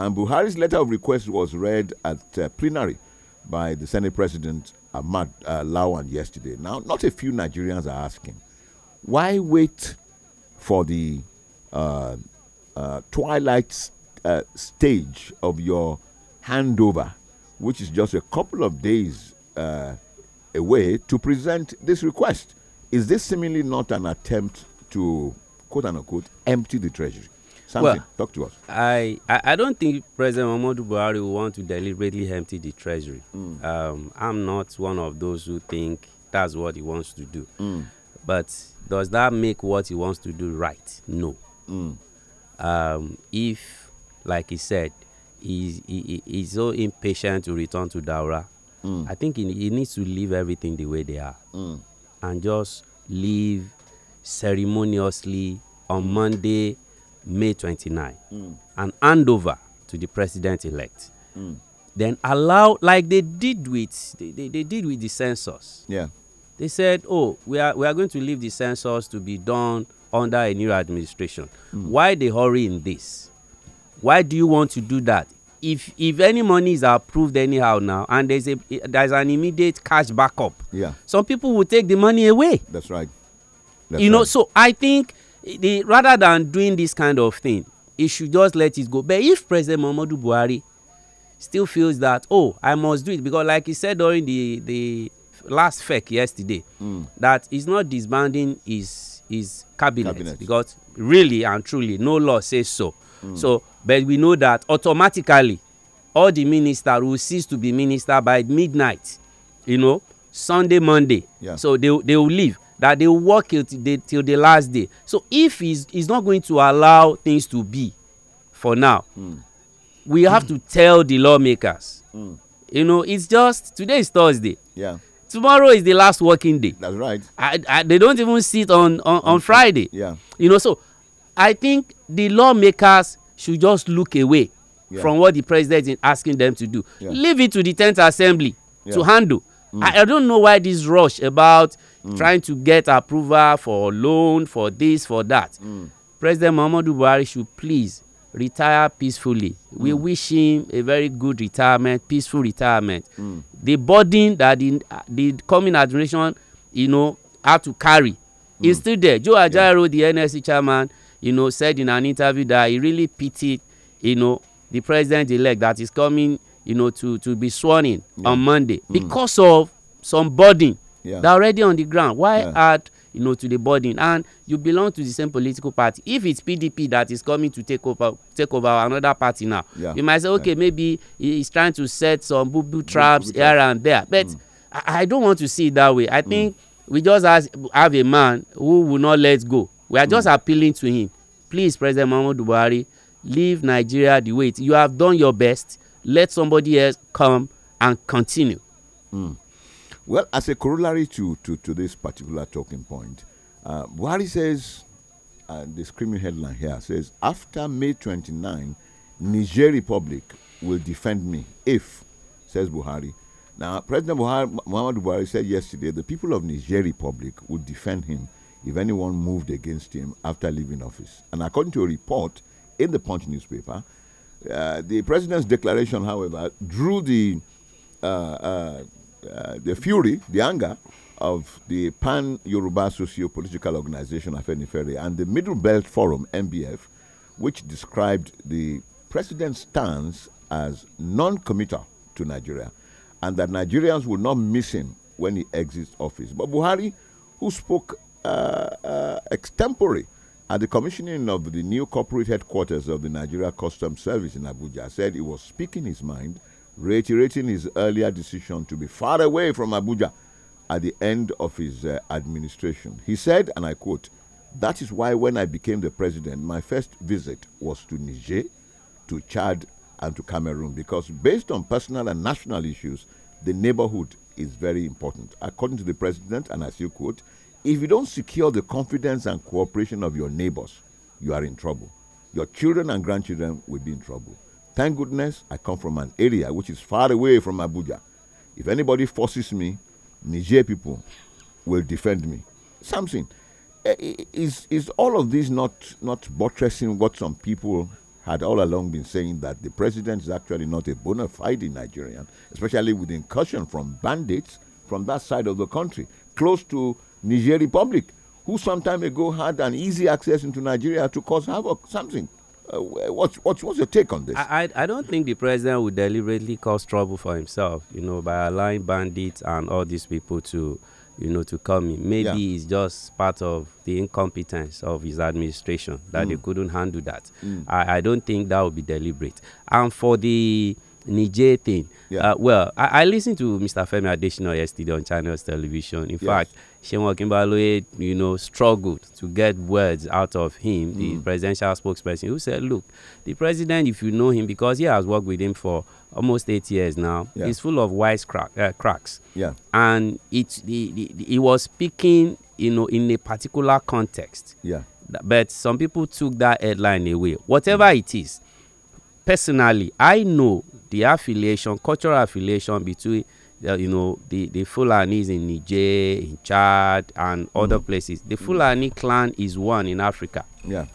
And Buhari's letter of request was read at uh, plenary by the Senate President Ahmad uh, Lawan yesterday. Now, not a few Nigerians are asking, why wait for the uh, uh, twilight uh, stage of your handover, which is just a couple of days uh, away, to present this request? Is this seemingly not an attempt to, quote unquote, empty the treasury? Something. Well, talk to us. I, I, don't think President Muhammadu Buhari will want to deliberately empty the treasury. Mm. Um, I'm not one of those who think that's what he wants to do. Mm. But does that make what he wants to do right? No. Mm. Um, if, like he said, he's, he, he's so impatient to return to Daura, hmm. I think he, he, needs to leave everything the way they are hmm. and just leave ceremoniously on Monday May 29, mm. and hand over to the president elect. Mm. Then allow, like they did with they, they, they, did with the census. Yeah. They said, oh, we are we are going to leave the census to be done under a new administration. Mm. Why the hurry in this? Why do you want to do that? If if any money is approved anyhow now, and there's a there's an immediate cash backup. Yeah. Some people will take the money away. That's right. That's you right. know, so I think the rather than doing this kind of thing he should just let it go but if president muhammadu buhari still feels that oh i must do it because like he said during the the last fec yesterday mm. that he's not disbanding his his cabinet, cabinet because really and truly no law says so mm. so but we know that automatically all the minister will cease to be minister by midnight you know sunday monday yeah. so they, they will leave that they work till the, till the last day so if he's, he's not going to allow things to be for now mm. we have mm. to tell the lawmakers mm. you know it's just today is thursday yeah tomorrow is the last working day that's right I, I, they don't even sit on, on on mm. friday yeah you know so i think the lawmakers should just look away yeah. from what the president is asking them to do yeah. leave it to the 10th assembly yeah. to handle Mm. I, I don't know why this rush about mm. trying to get approval for loan for this for that. Mm. President Muhammadu Buhari should please retire peacefully. Mm. We wish him a very good retirement, peaceful retirement. Mm. The burden that the, the coming administration, you know, had to carry mm. is still there. Joe Ajayero, yeah. the NSC chairman, you know, said in an interview that he really pitied, you know, the president-elect that is coming you know, to, to be sworn in yeah. on Monday mm. because of some burden yeah. that already on the ground. Why yeah. add, you know, to the burden? And you belong to the same political party. If it's PDP that is coming to take over, take over another party now, yeah. you might say, okay, maybe he is trying to set some boo boo traps here and there. But mm. I, I, don't want to see it that way. I hmm. think mm. we just has, have a man who will not let go. We are just hmm. appealing to him. Please, President Muhammadu Buhari, leave Nigeria the way it. You have done your best let somebody else come and continue. Mm. Well, as a corollary to, to, to this particular talking point, uh, Buhari says, uh, the screaming headline here says, after May 29, Niger Republic will defend me if, says Buhari. Now, President Buhari, Muhammad Buhari said yesterday the people of Niger Republic would defend him if anyone moved against him after leaving office. And according to a report in the Punch newspaper, uh, the president's declaration, however, drew the uh, uh, the fury, the anger of the Pan Yoruba Socio Political Organization Ferry and the Middle Belt Forum (MBF), which described the president's stance as non-committal to Nigeria, and that Nigerians will not miss him when he exits office. But Buhari, who spoke uh, uh, extempore at the commissioning of the new corporate headquarters of the Nigeria Customs Service in Abuja, said he was speaking his mind, reiterating his earlier decision to be far away from Abuja at the end of his uh, administration. He said, and I quote, That is why when I became the president, my first visit was to Niger, to Chad, and to Cameroon, because based on personal and national issues, the neighborhood is very important. According to the president, and I still quote, if you don't secure the confidence and cooperation of your neighbors, you are in trouble. Your children and grandchildren will be in trouble. Thank goodness I come from an area which is far away from Abuja. If anybody forces me, Niger people will defend me. Something. Eh, is, is all of this not, not buttressing what some people had all along been saying that the president is actually not a bona fide Nigerian, especially with incursion from bandits from that side of the country, close to Niger Republic, who some time ago had an easy access into Nigeria to cause havoc, something. Uh, what's, what's, what's your take on this? I, I, don't think the president would deliberately cause trouble for himself, you know, by allowing bandits and all these people to, you know, to come in. Maybe yeah. it's just part of the incompetence of his administration that mm. they couldn't handle that. Mm. I, I don't think that would be deliberate. And for the Niger thing. Yeah. Uh, well, I, I, listened to Mr. Femi Adesina yesterday on Channels Television. In yes. fact, Shewa Kimbaloye, you know, struggled to get words out of him, the mm. presidential spokesperson, who said, look, the president, if you know him, because he has worked with him for almost eight years now, yeah. he's full of wise crack, uh, cracks. Yeah. And it, the, the, he was speaking, you know, in a particular context. Yeah. But some people took that headline away. Whatever mm. it is, personally, I know the affiliation, cultural affiliation between uh, you know the the Fulanis in Niger, in Chad, and mm. other places. The mm. Fulani mm. clan is one in Africa. Yeah,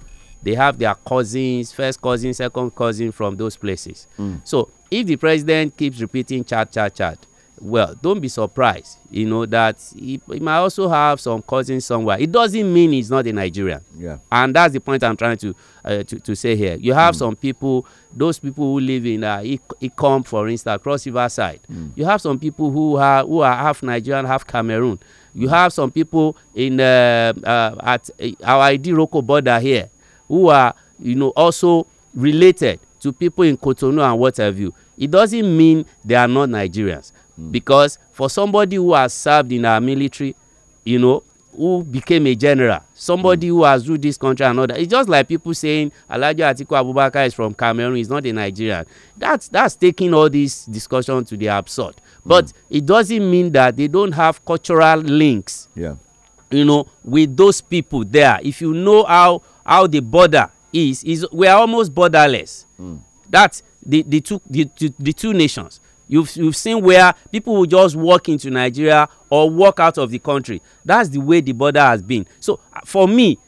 they have their cousins, first cousin, second cousin from those places. Mm. So if the president keeps repeating Chad, Chad, Chad, well don't be surprised you know that he, he might also have some cousins somewhere it doesn't mean he's not a nigerian yeah. and that's the point i'm trying to uh, to, to say here you have mm. some people those people who live in uh, ikom for instance cross river side mm. you have some people who are who are half nigerian half cameroon you have some people in uh, uh, at uh, our ID Roko border here who are you know also related to people in Kotonu and what have you it doesn't mean they are not nigerians Because for somebody who has served in our military, you know, who became a general, somebody mm. who has ruled this country and other, it's just like people saying Alhaji Atiku Abubakar is from Cameroon, he's not a Nigerian. That's that's taking all this discussion to the absurd. But mm. it doesn't mean that they don't have cultural links. Yeah. You know, with those people there. If you know how how the border is, is we are almost borderless. Mm. That's the, the two the, the, the two nations You've, you've seen where people will just walk into Nigeria or walk out of the country. That's the way the border has been. So uh, for me,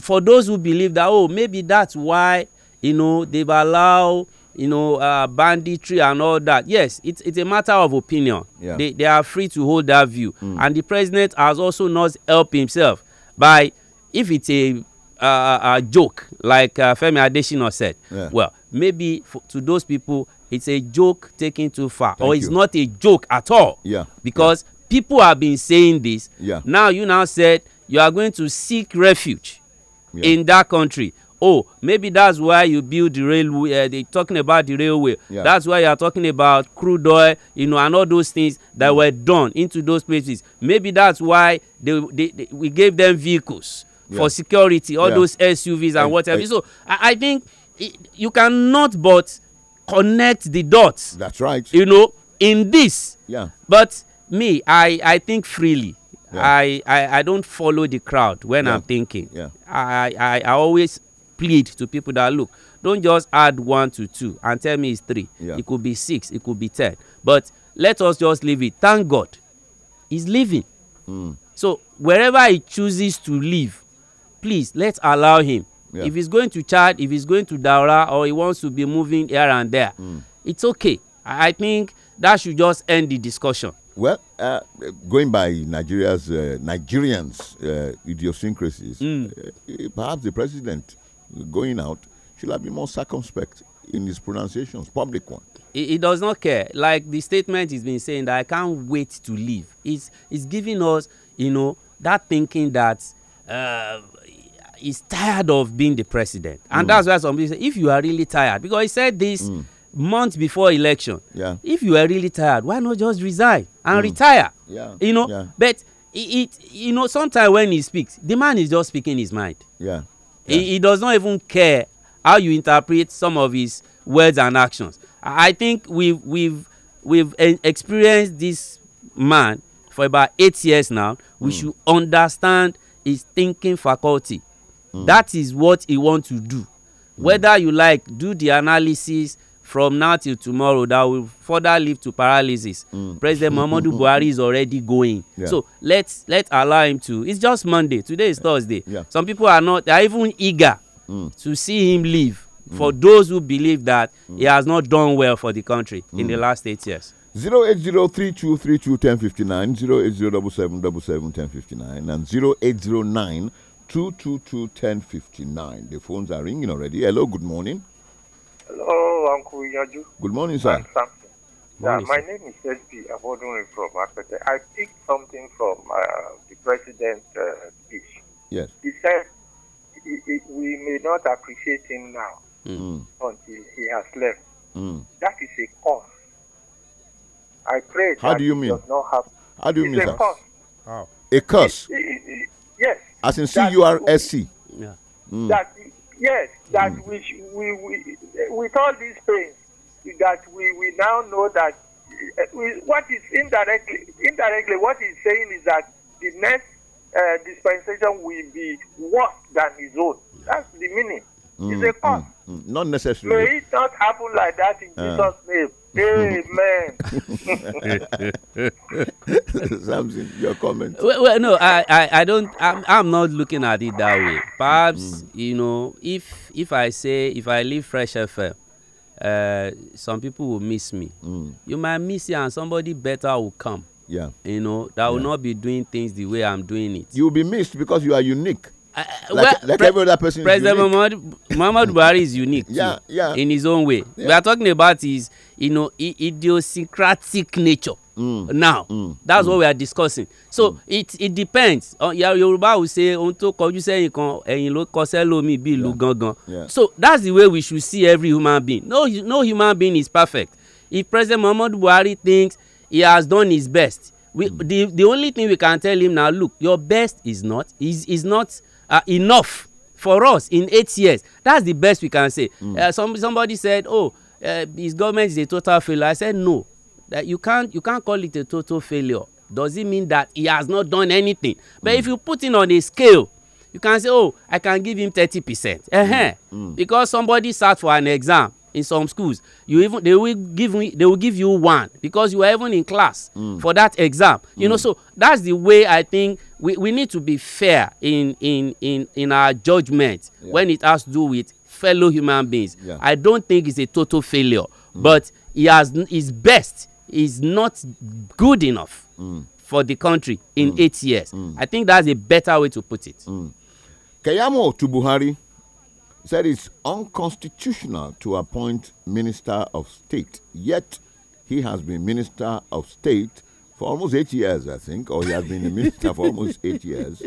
for those who believe that, oh, maybe that's why, you know, they've allowed, you know, uh, banditry and all that. Yes, it's, it's a matter of opinion. Yeah. They, they are free to hold that view. Mm. And the president has also not helped himself by, if it's a uh, a joke like uh, Femi Adesina said. Yeah. Well, maybe to those people, it's a joke taken too far Thank or it's you. not a joke at all yeah because yeah. people have been saying this yeah now you now said you are going to seek refuge yeah. in that country oh maybe that's why you build the railway uh, they talking about the railway yeah. that's why you are talking about crude oil you know and all those things that mm. were done into those places maybe that's why they, they, they we gave them vehicles yeah. for security all yeah. those suvs and I, whatever I, so I, I think you cannot but connect the dots. That's right. You know, in this. Yeah. But me, I I think freely. Yeah. I, I I don't follow the crowd when yeah. I'm thinking. Yeah. I, I I always plead to people that look, don't just add one to two and tell me it's three. Yeah. It could be six. It could be ten. But let us just leave it. Thank God, he's living. Mm. So wherever he chooses to live, please let's allow him. Yeah. If he's going to Chad, if he's going to Daura, or he wants to be moving here and there, mm. it's okay. I think that should just end the discussion. Well, uh, going by Nigeria's uh, Nigerians' uh, idiosyncrasies, mm. perhaps the president going out should have been more circumspect in his pronunciations, public one. He, he, does not care. Like the statement he's been saying that I can't wait to leave. It's it's giving us, you know, that thinking that uh, is tired of being the president. And mm. that's why some people say, if you are really tired, because he said this mm. before election, yeah. if you are really tired, why not just resign and mm. retire? Yeah. You know, yeah. but it, it, you know, sometimes when he speaks, the man is just speaking his mind. Yeah. yeah. He, he, does not even care how you interpret some of his words and actions. I think we've we've we've experienced this man for about eight years now. We mm. should understand his thinking faculty Mm. That is what he wants to do. Mm. Whether you like, do the analysis from now till tomorrow that will further lead to paralysis. Mm. President Muhammadu Buhari is already going. Yeah. So let's let allow him to. It's just Monday. Today is yeah. Thursday. Yeah. Some people are not. They are even eager mm. to see him leave. Mm. For those who believe that he has not done well for the country in the last eight years zero eight zero three two three two ten fifty nine zero eight zero double seven double seven ten fifty nine and zero eight zero nine 222 The phones are ringing already. Hello, good morning. Hello, Uncle Yaju. Good morning, sir. Yeah, my name is SP Abodunri from Akpete. I picked something from uh, the president's uh, speech. Yes. He said he, he, we may not appreciate him now mm. until he has left. Mm. That is a cause. I pray How do you mean? How do you it's mean, a sir? Curse. How? A curse? It, it, it, yes. As in C U R S C. Yeah. Mm. That yes, that mm. we, we we with all these pains that we we now know that eh, we, what is indirectly indirectly what he's saying is that the next uh, dispensation will be worse than his own. That's the meaning. Mm, it's hmm, a hmm, cost. Mm, mm. Not necessarily. May it not happen like that in uh, Jesus' name. Amen. Samson, your comment. Well, well, no, I, I, I don't. I'm, I'm not looking at it that way. Perhaps mm. you know, if if I say if I leave Fresh FM, uh, some people will miss me. Mm. You might miss you, and somebody better will come. Yeah. You know, that yeah. will not be doing things the way I'm doing it. You'll be missed because you are unique. Uh, uh well, like every other person President Muhammad, Muhammad Buhari is unique yeah, too, yeah. in his own way. Yeah. We are talking about his you know idiosyncratic nature. Mm. Now mm. that's mm. what we are discussing. So mm. it it depends. Uh, Yoruba will say ohun tó kọjú sẹ́yìn kan ẹ̀yìn ló kọ sẹ́lómi bí ìlú gangan. So that's the way we should see every human being. No no human being is perfect. If President Muhammadu Buhari thinks he has done his best, we, mm. the the only thing we can tell him now, look, your best is not is is not uh, enough for us in eight years that's the best we can say. Mm. Uh, some, somebody said oh uh, his government is a total failure i said no that you can't you can't call it a total failure does it mean that he has not done anything. but mm. if hmm. you put it on a scale you can say oh i can give him thirty percent. Uh -huh. mm. because somebody sat for an exam in some schools you even they will give me they will give you one because you were even in class mm. for that exam. you know hmm. so that's the way i think we, we need to be fair in in in in our judgment yeah. when it has to do with fellow human beings yeah. i don't think it's a total failure mm. but he has his best is not good enough mm. for the country in mm. eight years mm. i think that's a better way to put it. Mm. keyamo to buhari said it's unconstitutional to appoint minister of state yet he has been minister of state for almost eight years, I think, or he has been a minister for almost eight years.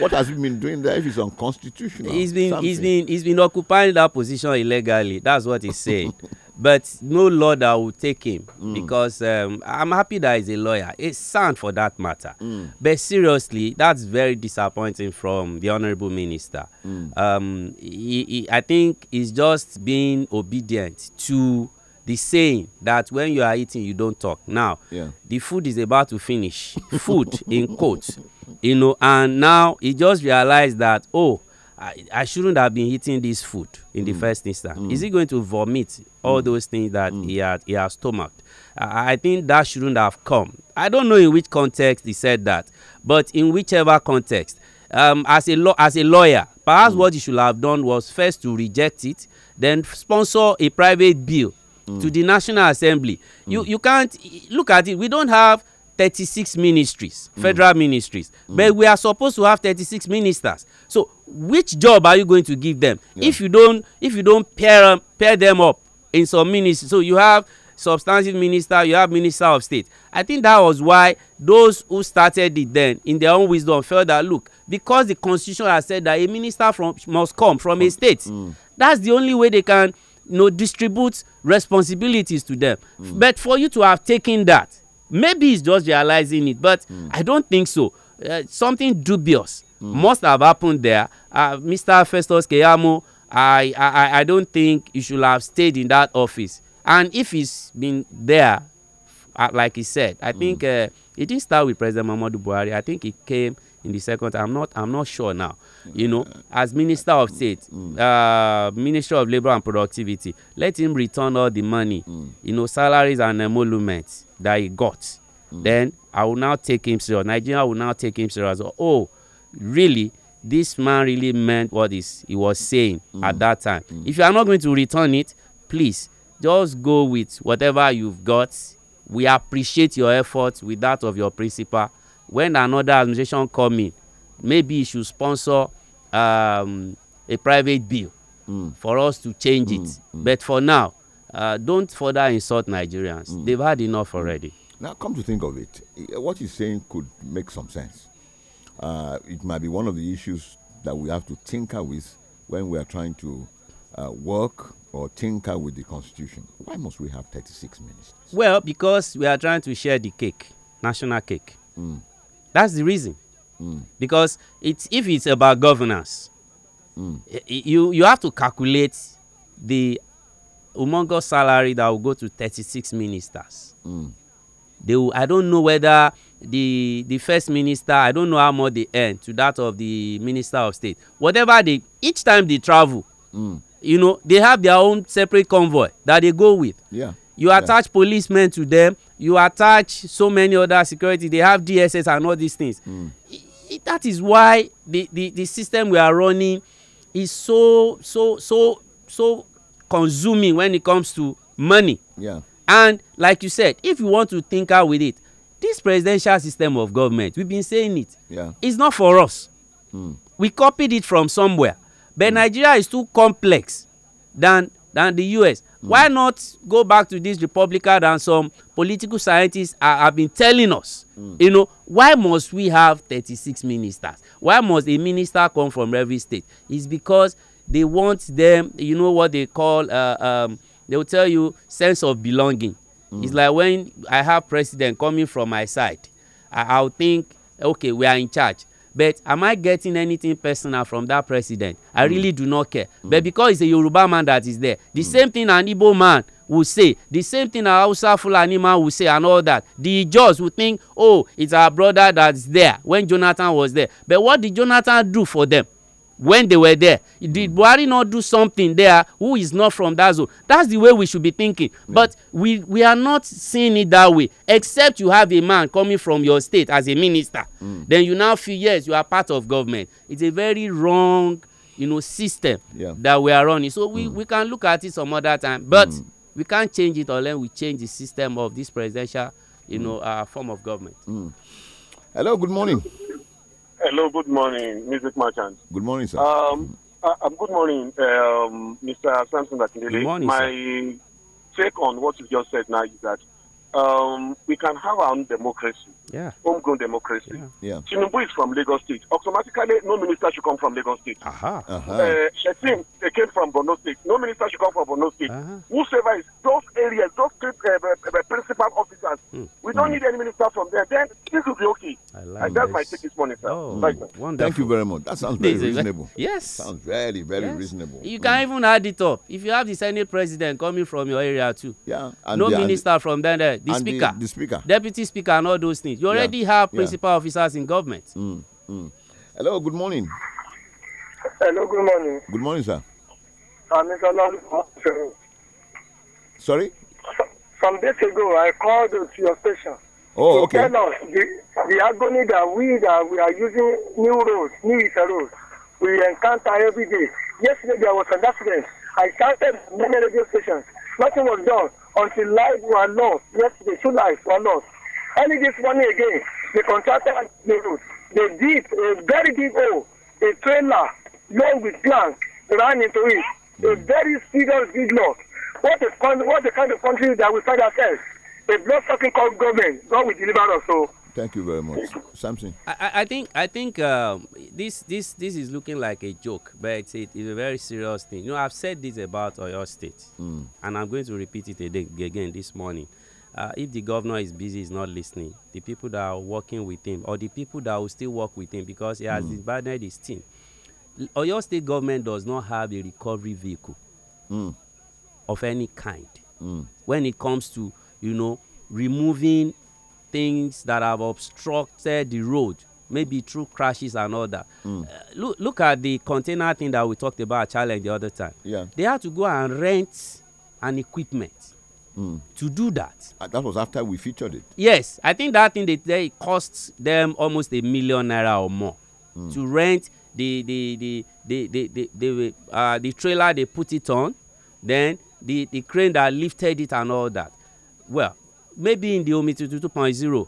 What has he been doing there if it's unconstitutional? He's been he's been he's been occupying that position illegally. That's what he's saying. but no law that will take him mm. because um, I'm happy that he's a lawyer. It's sound for that matter. Mm. But seriously, that's very disappointing from the honourable minister. Mm. Um, he, he, I think he's just being obedient to the saying that when you are eating you don't talk now yeah. the food is about to finish food in quotes you know and now he just realized that oh I, I shouldn't have been eating this food in mm. the first instance. Mm. Is he going to vomit all mm. those things that mm. he had he has stomached? I, I think that shouldn't have come. I don't know in which context he said that, but in whichever context, um, as a law as a lawyer, perhaps mm. what he should have done was first to reject it, then sponsor a private bill to the National Assembly. Mm. You you can't look at it. We don't have thirty-six ministries federal mm. ministries mm. but we are supposed to have thirty-six ministers so which job are you going to give them yeah. if you don't if you don't pair um, pair them up in some ministry so you have substantive minister you have minister of state i think that was why those who started it then in their own wisdom felt that look because the constitution has said that a minister from must come from a state mm. that's the only way they can you know, distribute responsibilities to them. Mm. But for you to have taken that, maybe he's just realizing it, but mm. I don't think so. Uh, something dubious mm. must have happened there. Uh, Mr. Festus Keyamo, I, I, I don't think he should have stayed in that office. And if he's been there, uh, like he said, I think it hmm. uh, didn't start with President Muhammadu Buhari. I think it came in the second i'm not i'm not sure now you know as minister of state uh, minister of labor and productivity let him return all the money mm. you know salaries and emoluments that he got mm. then i will now take him serious nigeria will now take him serious oh really this man really meant what is he was saying mm. at that time mm. if you are not going to return it please just go with whatever you've got we appreciate your efforts with that of your principal when another administration come in maybe it should sponsor um, a private bill mm. for us to change mm. it mm. but for now uh, don't further insult nigerians mm. they've had enough already mm. now come to think of it eh, what he's saying could make some sense uh, it might be one of the issues that we have to tinker with when we are trying to uh, work or tinker with the constitution why must we have 36 ministers well because we are trying to share the cake national cake mm. That's the reason. Mm. Because it's if it's about governance, mm. Eh, eh, you you have to calculate the humongous salary that will go to 36 ministers. Mm. They will, I don't know whether the the first minister, I don't know how much they earn to that of the minister of state. Whatever they each time they travel, mm. you know, they have their own separate convoy that they go with. Yeah you attach yeah. policemen to them you attach so many other security they have dss and all these things mm. that is why the, the the system we are running is so so so so consuming when it comes to money yeah and like you said if you want to think out with it this presidential system of government we've been saying it yeah it's not for us mm. we copied it from somewhere but mm. nigeria is too complex than than the us why not go back to this republican and some political scientists are, have been telling us mm. you know why must we have thirty-six ministers why must a minister come from every state it's because they want them you know what they call uh, um, they will tell you sense of belonging mm. it's like when i have president coming from my side i i will think okay we are in charge but am i getting anything personal from that president i hmm. really do not care hmm. but because it's a yoruba man that is there the hmm. same thing an igbo man will say the same thing an hausa fulani man will say and all that the jaws will think oh it's our brother that's there when jonathan was there but what did jonathan do for them when they were there. Did hmm. Buhari not do something there who is not from that zone? That's the way we should be thinking. Yeah. But we, we are not seeing it that way, except you have a man coming from your state as a minister. Mm. Then you now feel, yes, you are part of government. It's a very wrong you know, system yeah. that we are running. So we, mm. we can look at it some other time. But mm. we can't change it unless we change the system of this presidential you hmm. know, uh, form of government. Hmm. Hello, good morning. Hello, good morning, music merchant. Good morning, sir. Um, uh, um, good morning, um, Mr. Samson Akindele. Good morning, My sir. take on what you just said now is that um, we can have our own democracy, yeah. homegrown democracy. Yeah. yeah. Tinubu is from Lagos State. Automatically, no minister should come from Lagos State. uh huh uh uh Shetim, they came from Bono State. No minister should come from Bono State. Uh-huh. Whosoever is those areas, those uh, uh, uh, principal officers, mm. we don't mm. need any minister from there. Then this will be okay. I like and that's this. my take this morning, sir. Oh, like Thank you very much. That sounds very reasonable. Yes. Sounds very, very yes. reasonable. You can mm. even add it up. If you have the Senate president coming from your area too. Yeah. And no the, minister and from there the speaker, the, the, speaker, deputy speaker, and all those things. You already yeah. have principal yeah. officers in government. Mm. Mm. Hello, good morning. Hello, good morning. Good morning, sir. Sorry? Some days ago, I called to your station. Oh, to okay. Tell us the, the agony that we that we are using new roads, new roads, we encounter every day. Yesterday there was an accident. I started many radio stations. Nothing was done until lives were lost. Yesterday, two lives were lost. Early this morning again, the contractor the road. They deep, a very deep hole, a trailer loaded with plants ran into it. A very serious big loss. What a, what a kind of country that we find ourselves. A blood-sucking government. God will deliver us. So Thank you very much, Samson. I, I think I think um, this this this is looking like a joke, but it's a, it's a very serious thing. You know, I've said this about Oyo State, mm. and I'm going to repeat it again this morning. Uh, if the governor is busy, is not listening. The people that are working with him, or the people that will still work with him, because he has mm. disbanded his team. Oyo State government does not have a recovery vehicle mm. of any kind mm. when it comes to you know removing things that have obstructed the road, maybe through crashes and all that. Mm. Uh, look, look at the container thing that we talked about challenge the other time. Yeah. They had to go and rent an equipment mm. to do that. Uh, that was after we featured it. Yes, I think that thing they, they cost them almost a million naira or more mm. to rent the the the the the the, the, uh, the trailer they put it on, then the the crane that lifted it and all that. Well, maybe in the omiti 2.0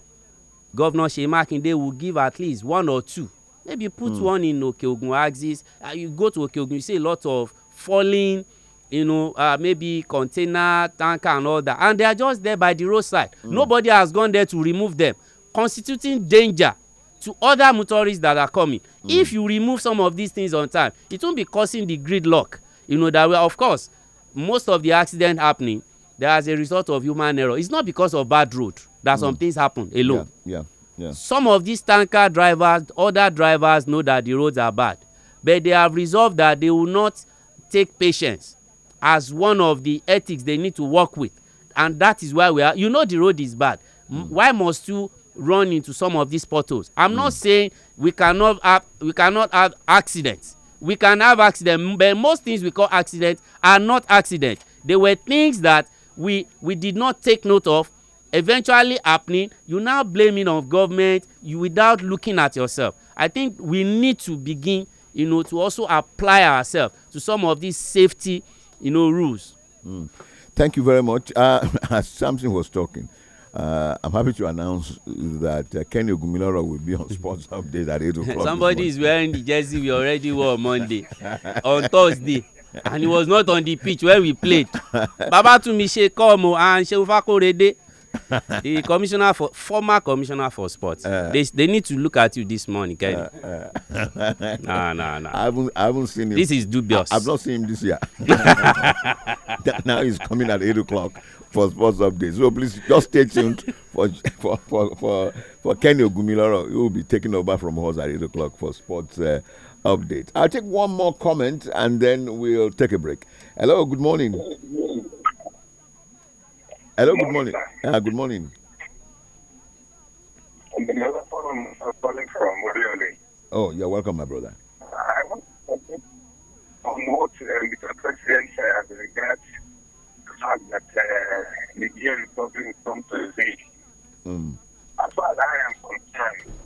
governor shey makinde will give at least one or two maybe put mm. one in okeogun axis uh, you go to okeogun you see a lot of falling you know uh, maybe container tanker and all that and they are just there by the roadside mm. nobody has gone there to remove them constituting danger to other motorists that are coming mm. if you remove some of these things on time it won't be causing the gridlock you know that way of course most of the accident happening there as a result of human error it's not because of bad road that mm. some things happen alone yeah, yeah, yeah. some of these tanker drivers other drivers know that the roads are bad but they have resolved that they will not take patience as one of the ethics they need to work with and that is why we are you know the road is bad mm. why must you run into some of these portals? i'm mm. not saying we cannot have we cannot have accidents we can have accidents, but most things we call accidents are not accidents. they were things that we we did not take note of eventually happening you now blaming on government you without looking at yourself i think we need to begin you know to also apply ourselves to some of these safety you know rules. Mm. thank you very much uh, as samson was talking uh, I'm happy to announce that uh, Kenny Ogumiloro will be on Sports Update at 8 o'clock. Somebody is wearing the jersey we already wore Monday on Thursday. and he was not on the pitch when we played babatunmi ṣe come and seun fakorede the commissioner for former commissioner for sports uh, they, they need to look at you this morning kenny uh, eh, uh, eh. no. nah nah i haven't i haven't seen him this is dubious I, i've not seen him this year that now he's coming at eight o'clock for sports updates so please just stay tuned for for for for, for kenny ogumiloro he will be taking over from us at eight o'clock for sports uh, update. I'll take one more comment and then we'll take a break. Hello, good morning. Hello, good morning. Uh, good morning. Oh, you're welcome, my brother. I want to talk about uh, Mr. President as regards the fact that uh, Nigerian Republic comes mm. to the As far as I am concerned,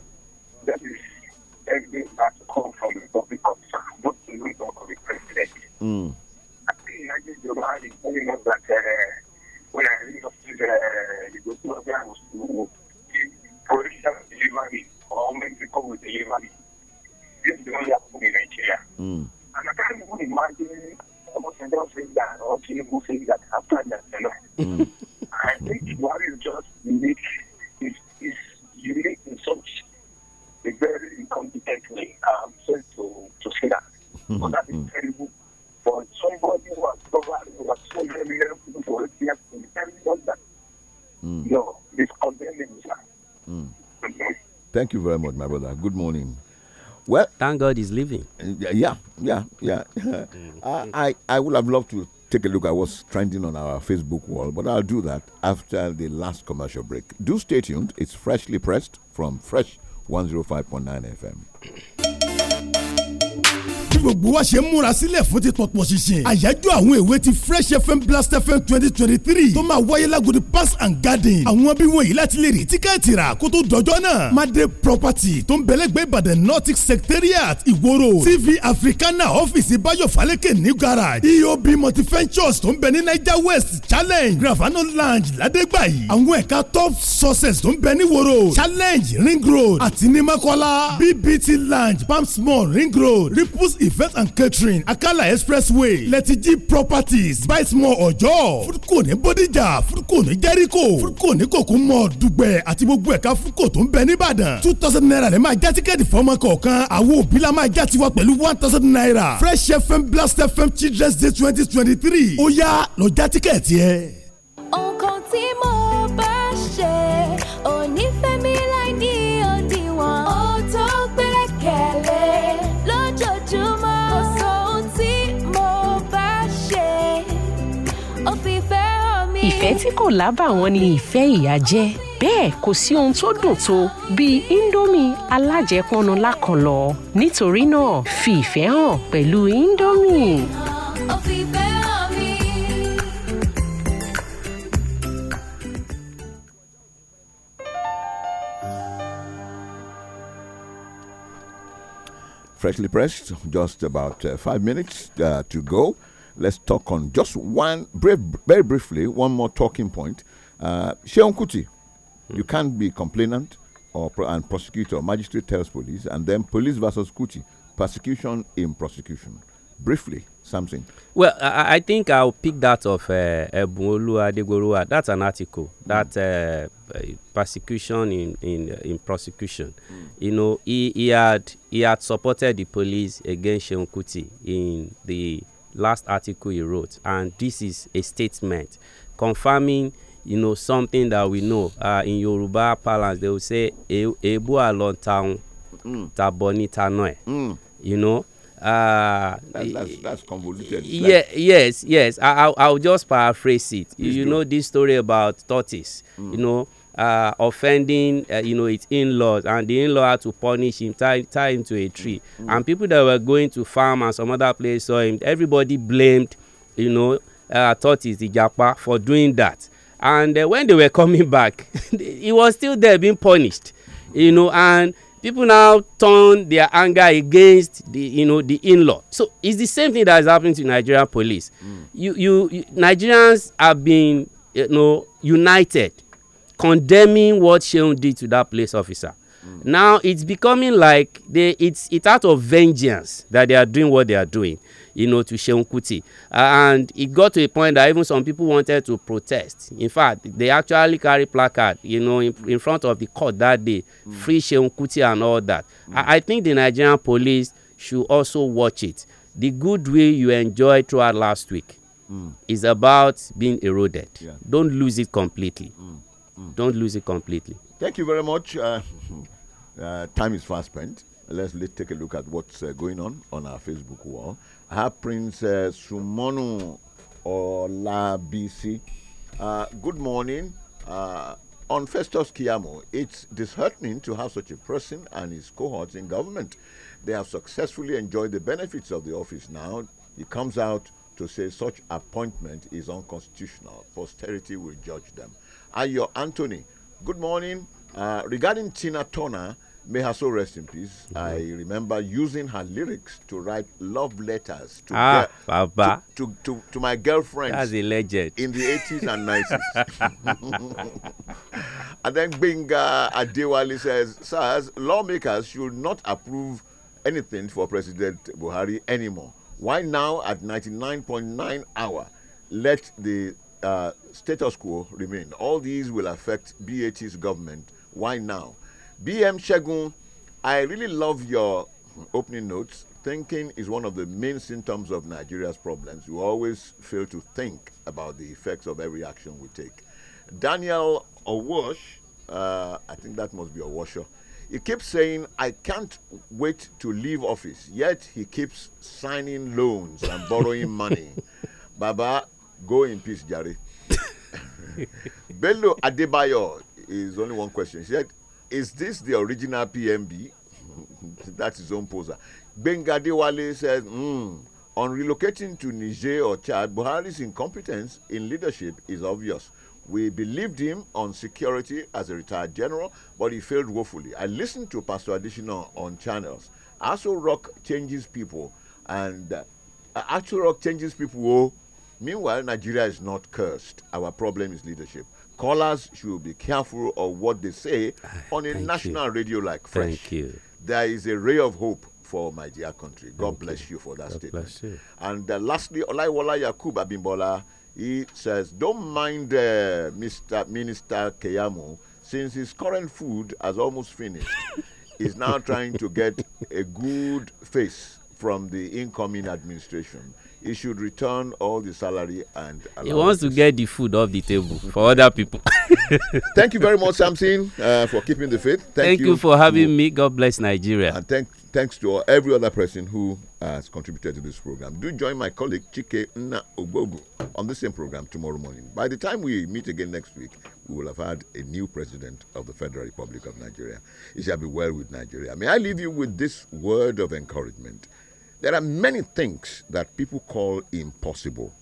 that is evidence that come from the public not the of the president. Mm. I think I Joma is that uh, when I read the very much, my brother. Good morning. Well, thank God he's leaving. Yeah, yeah, yeah. I, I would have loved to take a look at what's trending on our Facebook wall, but I'll do that after the last commercial break. Do stay tuned. It's freshly pressed from Fresh 105.9 FM. bí gbogbo wa ṣe múra sílẹ̀ fún ti pọ̀pọ̀ ṣinṣin àyájọ́ àwọn èwe ti fresh fm blast fm twenty twenty three tó máa wáyé lágodi pass and garden àwọn bí wọ̀nyí láti lè rí tíkẹ́ẹ̀tì rà kó tó dọjọ́ náà made property tó ń bẹ̀lẹ́gbẹ́ ìbàdàn nordic secretariat ìwòrò tv africana ọ́fíìsì báyọ̀ falẹ́kẹ̀ ní garage eob multiventures tó ń bẹ ní niger west challenge gravano lounge ládégbàyí àwọn ẹ̀ka top success tó ń bẹ ní challenge ring road àti ní mọ́kọ́lá bbt lounge Palm small ring road ripples event and catering akala expressway letiji properties buy small ọjọ́ furuko ní bodijà furuko ní jẹ́ríkò furuko ní kòkúmọ̀ dùgbẹ̀ àti gbogbo ẹ̀ka furuko tó ń bẹ nìbàdàn two thousand naira lẹ́ẹ̀ máa já tíkẹ́ẹ̀tì fọmọ kọ̀ọ̀kan àwọn òbí la máa já tiwa pẹ̀lú one thousand naira fresh fm blast fm children's day twenty twenty three ó yá lọ já tíkẹ́ẹ̀tì yẹ. nǹkan tí mo ìfẹ́ tí kò lábàwọ́n ni ìfẹ́ ìyá jẹ́ bẹ́ẹ̀ kò sí ohun tó dùn tó bíi indomie alájẹpọnu lákànlọ́ nítorí náà fi ìfẹ́ hàn pẹ̀lú indomie. freshly pressed, just about uh, five minutes uh, to go. let's talk on just one brief, very briefly, one more talking point. Uh, Sheon Kuti, you hmm. can't be complainant or pro and prosecutor. Magistrate tells police, and then police versus Kuti, persecution in prosecution. Briefly, something. Well, I, I think I'll pick that of uh, Ebunolu That's an article. Hmm. That uh, uh persecution in in uh, in prosecution. Hmm. You know, he, he had he had supported the police against Sheon Kuti in the last article he wrote, and this is a statement confirming you know something that we know uh, in Yoruba parlance they will say e, ebu alontan, taun hmm. taboni tanoe hmm. you know uh, that, that's, that's convoluted. Yeah, yes, yes. I, I, I'll just paraphrase it. Please you do. know this story about tortoise. Mm. You know, uh, offending uh, you know its in-laws and the in-law had to punish him tie, tie him to a tree mm. and people that were going to farm and some other place saw him everybody blamed you know uh, thought it's the japa for doing that and uh, when they were coming back he was still there being punished you know and people now turn their anger against the you know the in-law so it's the same thing that is happening to nigerian police mm. you, you you nigerians have been you know united condemning what Sheun did to that police officer. Mm. Now it's becoming like they it's it's out of vengeance that they are doing what they are doing, you know, to Sheun Kuti. Uh, and it got to a point that even some people wanted to protest. In fact, they actually carry placard, you know, in, in front of the court that day, mm. free Sheun Kuti and all that. Mm. I, I think the Nigerian police should also watch it. The goodwill you enjoyed throughout last week mm. is about being eroded. Yeah. Don't lose it completely. Mm. Mm. Don't lose it completely. Thank you very much. Uh, uh, time is fast spent. Let's let's take a look at what's uh, going on on our Facebook wall. Her Prince uh, Sumonu Olabisi. Uh, good morning. Uh, on Festus Kiamo, it's disheartening to have such a person and his cohorts in government. They have successfully enjoyed the benefits of the office now. It comes out to say such appointment is unconstitutional. Posterity will judge them. Ayo Anthony. Good morning. Uh, regarding Tina Turner, may her soul rest in peace. Mm -hmm. I remember using her lyrics to write love letters to, ah, to, to, to, to, my girlfriend. That's a legend. In the 80s and 90s. and then Binga Adewale says, Sirs, lawmakers should not approve anything for President Buhari anymore. Why now at 99.9 .9 hour? Let the uh, status quo remain. All these will affect BAT's government. Why now? BM Shegun, I really love your opening notes. Thinking is one of the main symptoms of Nigeria's problems. We always fail to think about the effects of every action we take. Daniel Owosh, uh, I think that must be Owosho, he keeps saying, I can't wait to leave office, yet he keeps signing loans and borrowing money. Baba, Go in peace, Jare. Bello Adebayo is only one question. She said, Is this the original PMB? That's his own poser. Bengadi Wale says, mm, On relocating to Niger or Chad, Buhari's incompetence in leadership is obvious. We believed him on security as a retired general, but he failed woefully. I listened to Pastor Additional on channels. Aso Rock changes people, and uh, Actual Rock changes people. Oh, Meanwhile, Nigeria is not cursed. Our problem is leadership. Callers should be careful of what they say ah, on a Thank national you. radio like Fresh. Thank you. There is a ray of hope for my dear country. God Thank bless you. you. for that God statement. And uh, lastly, Olaiwola Yakub Abimbola, he says, don't mind uh, Mr. Minister Keyamo, since his current food has almost finished. he's now trying to get a good face from the incoming administration he should return all the salary and allowances. he wants to get the food off the table for other people. thank you very much samson uh, for keeping the faith. thank, thank you, you, for having to, me god bless nigeria. and thank, thanks to every other person who has contributed to this program do join my colleague chike nna ogbogu on the same program tomorrow morning by the time we meet again next week we will have had a new president of the federal republic of nigeria it shall be well with nigeria may i leave you with this word of encouragement. There are many things that people call impossible.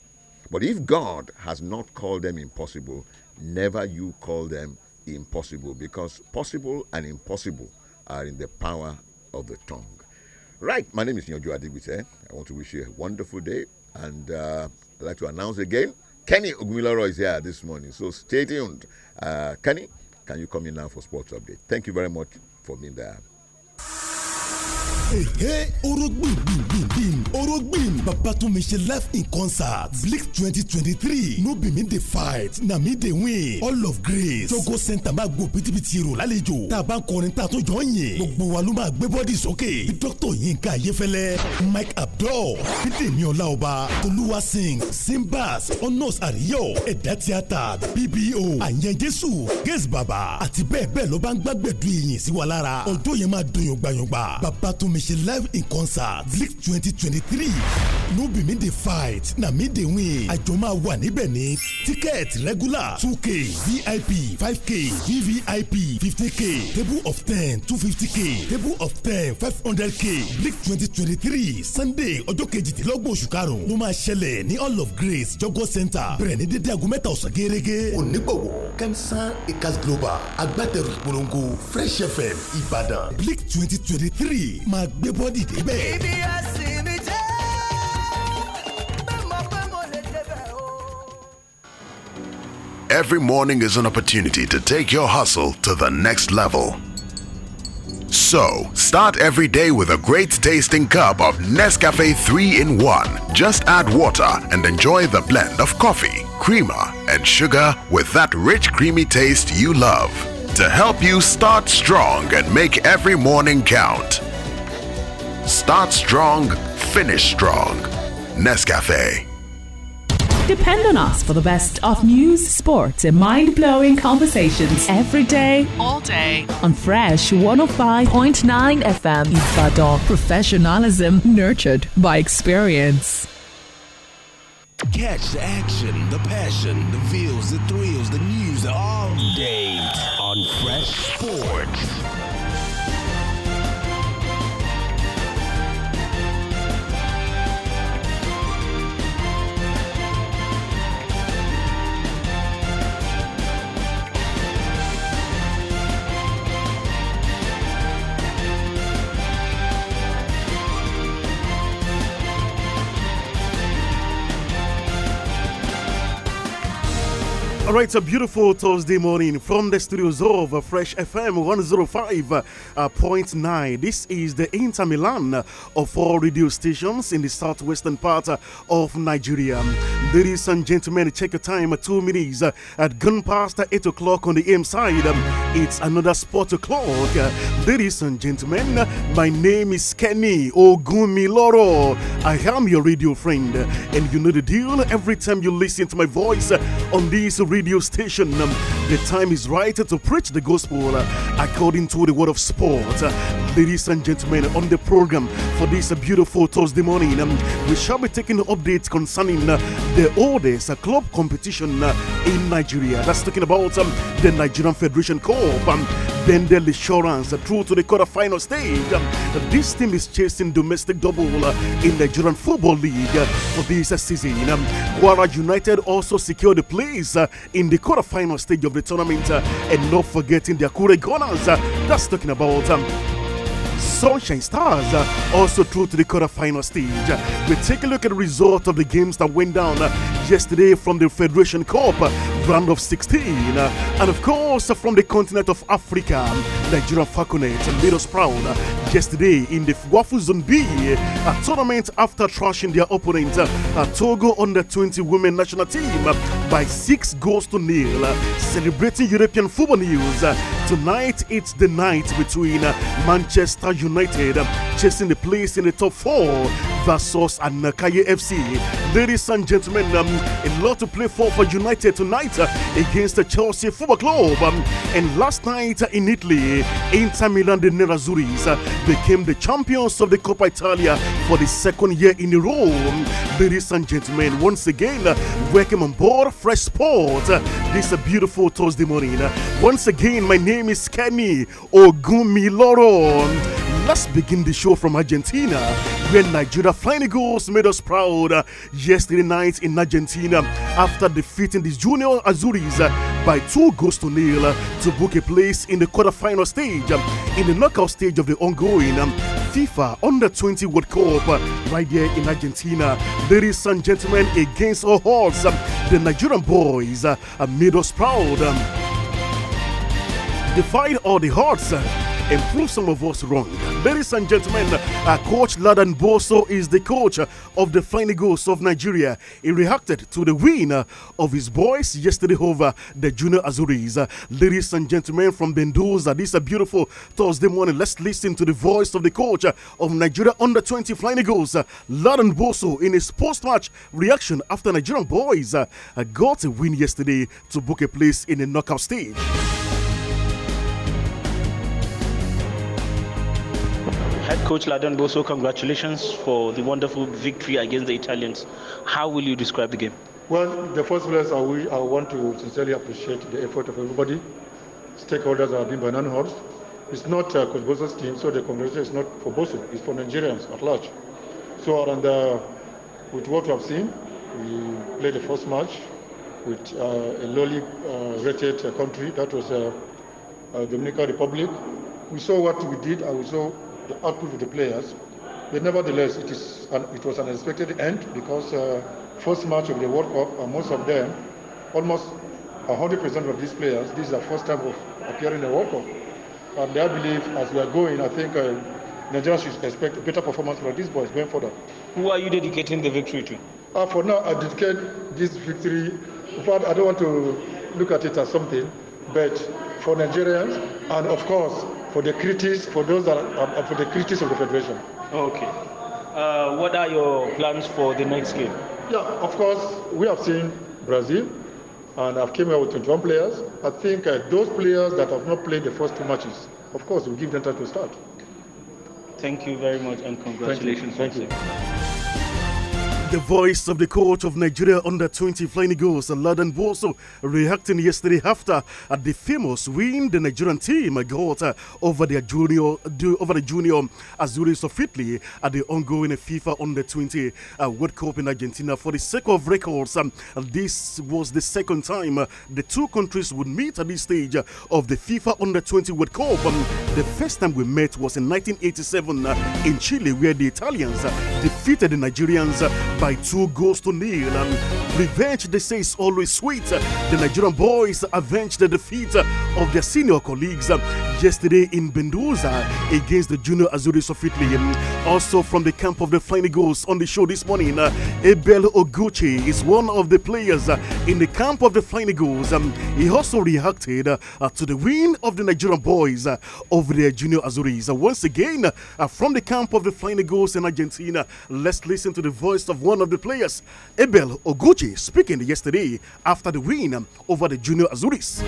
But if God has not called them impossible, never you call them impossible because possible and impossible are in the power of the tongue. Right, my name is Nyojo Adibite. I want to wish you a wonderful day and uh, I'd like to announce again Kenny Ogumiloro is here this morning. So stay tuned. Uh, Kenny, can you come in now for sports update? Thank you very much for being there. Ehe orogbin bin bin bin orogbin babatunmi ṣe live in concert Blix twenty twenty three no be me dey fight na me dey win all of grace Jogo center máa gbọ́ pitipiti rò lálejò tá a bá ń kọrin tá a tó jọ ń yìn gbogbo wa ló máa gbé bọ́dì sókè bí dókítà Yinka Ayefẹ́lẹ́ Mike Abdul Bídèmí Ọláọba Tolúwa Sing Simbas Honours Àríyọ̀ Ẹ̀dá Tíátà BBO Àyẹn Jésù Gaze Baba àti bẹ́ẹ̀ bẹ́ẹ̀ ló bá ń gbàgbẹ́dù ìyìn sí wa lára ọjọ́ yẹn máa dùn yọ̀gbàyọ̀gbà Babatunmi Amishe live in concert Blitz 2023. no be me the fight na me the win àjọ máa wà níbẹ̀ ní ticket regular 2 k vip 5 k vvip 50 k table of ten 250 k table of ten 500 k Blitz 2023. Sunday Ojo kejìdínlọ́gbọ̀n oṣù karùn-ún ló máa ṣẹlẹ̀ ní Hall of Grace Jọgọ́ Center bẹ̀rẹ̀ ní dédé aago mẹ́ta ọ̀sán gẹ́gẹ́. onígbọ̀wọ́ kẹ́mísán ekas global agbátẹrù ìpolongo Fresh FM Ìbàdàn Blitz 2023. máa gbé bọ́dì débẹ̀. ibi ẹ̀sìn mi jẹ́ bẹ́ẹ̀ mo lè débẹ̀ o. Every morning is an opportunity to take your hustle to the next level. So, start every day with a great tasting cup of Nescafe 3 in 1. Just add water and enjoy the blend of coffee, creamer, and sugar with that rich, creamy taste you love. To help you start strong and make every morning count, Start strong, finish strong. Nescafe. Depend on us for the best of news, sports, and mind blowing conversations every day, all day on Fresh 105.9 FM Ibadan. Professionalism nurtured by experience. Catch the action, the passion, the feels, the thrills, the news all day on Fresh Sports. All right, a beautiful Thursday morning from the studios of Fresh FM 105.9. Uh, this is the Inter Milan of all radio stations in the southwestern part uh, of Nigeria. Ladies and gentlemen, check your time uh, two minutes at gun past 8 o'clock on the AM side. Um, it's another sport o'clock. Ladies and gentlemen, my name is Kenny Ogumiloro. I am your radio friend, and you know the deal every time you listen to my voice on this radio radio station. Um, the time is right to preach the gospel uh, according to the word of sport. Uh, ladies and gentlemen, on the program for this beautiful Thursday morning, um, we shall be taking updates concerning uh, the oldest club competition in Nigeria. That's talking about um, the Nigerian Federation Cup. Um, Bendel Insurance through to the quarterfinal stage. Um, this team is chasing domestic double uh, in the Nigerian Football League uh, for this season. Um, Kwara United also secured a place uh, in the quarterfinal stage of the tournament and not forgetting the Akure Gunners. That's talking about um, Sunshine Stars uh, also through to the quarterfinal stage. We take a look at the result of the games that went down uh, yesterday from the Federation Cup uh, round of 16. And of course, from the continent of Africa, Nigeria Falconet made us proud yesterday in the Waffle Zone B a tournament after thrashing their opponent, Togo under 20 women national team, by six goals to nil. Celebrating European football news. Tonight, it's the night between Manchester United chasing the place in the top four versus Anakaye FC. Ladies and gentlemen, um, a lot to play for for United tonight uh, against the Chelsea Football Club. Um, and last night uh, in Italy, Inter Milan de Nerazzurris uh, became the champions of the Coppa Italia for the second year in a row. Um, ladies and gentlemen, once again, uh, welcome on board Fresh Sport. Uh, this is uh, beautiful Thursday morning. once again, my name is Kenny Ogumiloro. Let's begin the show from Argentina, where Nigeria Flying Eagles made us proud uh, yesterday night in Argentina after defeating the Junior Azuris uh, by two goals to nil uh, to book a place in the quarterfinal stage um, in the knockout stage of the ongoing um, FIFA Under 20 World Cup right there in Argentina. Ladies and gentlemen, against all odds, um, the Nigerian boys made us proud. Defied all the odds and prove some of us wrong. Ladies and gentlemen, uh, Coach Ladan Boso is the coach of the Flying Eagles of Nigeria. He reacted to the win uh, of his boys yesterday over the Junior Azuris. Uh, ladies and gentlemen, from Bendoza, this is a beautiful Thursday morning. Let's listen to the voice of the coach uh, of Nigeria under 20 Flying Eagles, uh, Ladan Boso, in his post match reaction after Nigerian boys got a win yesterday to book a place in the knockout stage. Head coach Ladan Bosso, congratulations for the wonderful victory against the Italians. How will you describe the game? Well, the first place I, wish, I want to sincerely appreciate the effort of everybody, stakeholders have been banana horse. It's not uh, Coach Bosso's team, so the congratulation is not for Bosso. it's for Nigerians at large. So, and, uh, with what we have seen, we played the first match with uh, a lowly uh, rated uh, country, that was the Dominican Republic. We saw what we did and we saw the output of the players. But nevertheless, it, is an, it was an expected end because uh, first match of the World Cup, uh, most of them, almost 100% of these players, this is the first time of appearing in the World Cup. And I believe as we are going, I think uh, Nigerians should expect better performance from these boys going forward. Who are you dedicating the victory to? Uh, for now, I dedicate this victory. but I don't want to look at it as something, but for Nigerians and, of course, for the critics, for those that are, for the critics of the federation. Okay. Uh, what are your plans for the next game? Yeah, of course, we have seen Brazil, and I've came here with 21 players. I think uh, those players that have not played the first two matches, of course, we give them time to start. Thank you very much, and congratulations. Thank you. Thank you. The voice of the coach of Nigeria under 20 flying goals, Laden Boso, reacting yesterday after at the famous win the Nigerian team got uh, over their junior do, over the junior Azuris of Italy at the ongoing FIFA under 20 uh, World Cup in Argentina. For the sake of records, um, this was the second time uh, the two countries would meet at this stage of the FIFA under 20 World Cup. Um, the first time we met was in 1987 uh, in Chile, where the Italians uh, defeated the Nigerians. Uh, by two goals to nil and Revenge, they say, is always sweet. The Nigerian boys avenged the defeat of their senior colleagues yesterday in Benduza against the junior Azuri Sofitli. Also from the camp of the Flying Eagles on the show this morning, Abel Oguchi is one of the players in the camp of the Flying Eagles. Um, he also reacted uh, to the win of the Nigerian boys uh, over their junior Azuris. Uh, once again, from the camp of the Flying Eagles in Argentina, let's listen to the voice of one of the players, Abel Oguchi speaking yesterday after the win over the Junior Azuris.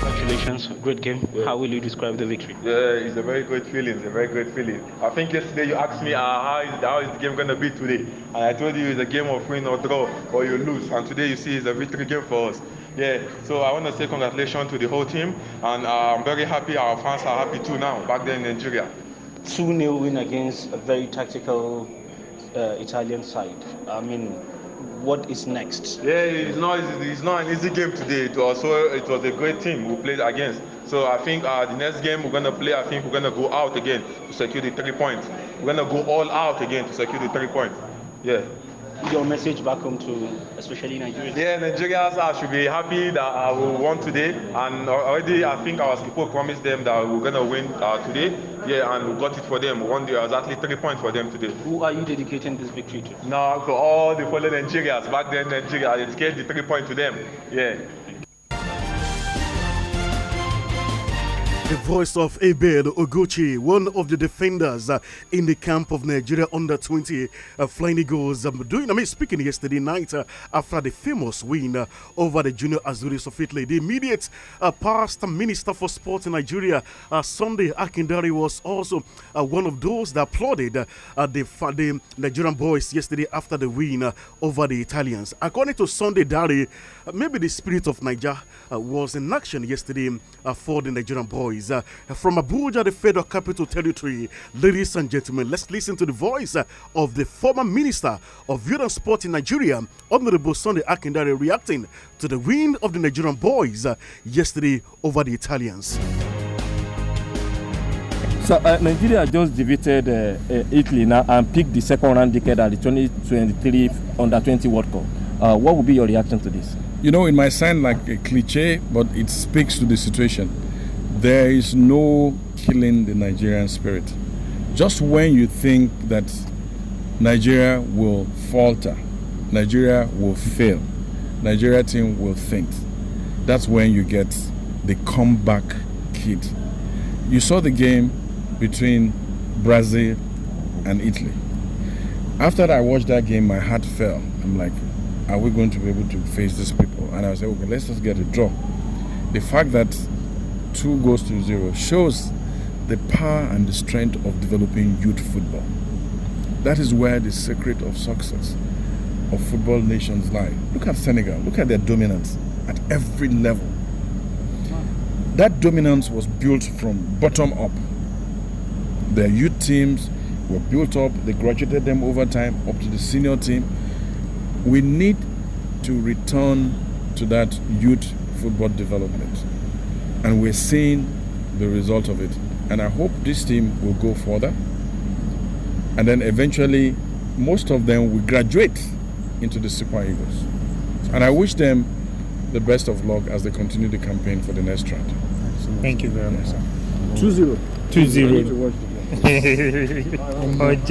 Congratulations, great game. Yeah. How will you describe the victory? Yeah, it's a very great feeling. It's a very great feeling. I think yesterday you asked me uh, how, is, how is the game going to be today, and I told you it's a game of win or draw or you lose. And today you see it's a victory game for us. Yeah, so I want to say congratulations to the whole team, and uh, I'm very happy. Our fans are happy too now back there in Nigeria. 2 0 win against a very tactical uh, Italian side? I mean, what is next? Yeah, it's not it's not an easy game today. It was so it was a great team we played against. So I think uh, the next game we're gonna play, I think we're gonna go out again to secure the three points. We're gonna go all out again to secure the three points. Yeah your message back home to especially Nigerians? Yeah, Nigerians I should be happy that I will won today. And already I think our people promised them that we are going to win uh, today. Yeah, and we got it for them. One won exactly three points for them today. Who are you dedicating this victory to? No, to all the fallen Nigerians. Back then, Nigeria, I the three points to them. Yeah. The voice of Abel Oguchi, one of the defenders uh, in the camp of Nigeria under 20 uh, Flying goals. um, doing, I mean, speaking yesterday night uh, after the famous win uh, over the Junior Azuris of Italy. The immediate uh, past minister for sport in Nigeria, uh, Sunday Akindari, was also uh, one of those that applauded the, the, Nigerian boys yesterday after the win over the Italians. According to Sunday Dari, maybe the spirit of Niger was in action yesterday for the Nigerian boys voice uh, from Abuja, the federal capital territory. Ladies and gentlemen, let's listen to the voice uh, of the former minister of youth and sport in Nigeria, Honorable Sunday Akindare, reacting to the win of the Nigerian boys uh, yesterday over the Italians. So uh, Nigeria just defeated uh, uh, Italy now and picked the second round ticket at the 2023 Under 20 World Cup. Uh, what would be your reaction to this? You know, it might sound like a cliche, but it speaks to the situation. There is no killing the Nigerian spirit. Just when you think that Nigeria will falter, Nigeria will fail, Nigeria team will faint, that's when you get the comeback kid. You saw the game between Brazil and Italy. After I watched that game, my heart fell. I'm like, are we going to be able to face these people? And I said, okay, let's just get a draw. The fact that 2 goes to 0 shows the power and the strength of developing youth football. That is where the secret of success of football nations lie. Look at Senegal, look at their dominance at every level. That dominance was built from bottom up. Their youth teams were built up, they graduated them over time up to the senior team. We need to return to that youth football development. And we're seeing the result of it. And I hope this team will go further. And then eventually, most of them will graduate into the Super Eagles. And I wish them the best of luck as they continue the campaign for the next round. Thank you very much. 2 0. 2 0.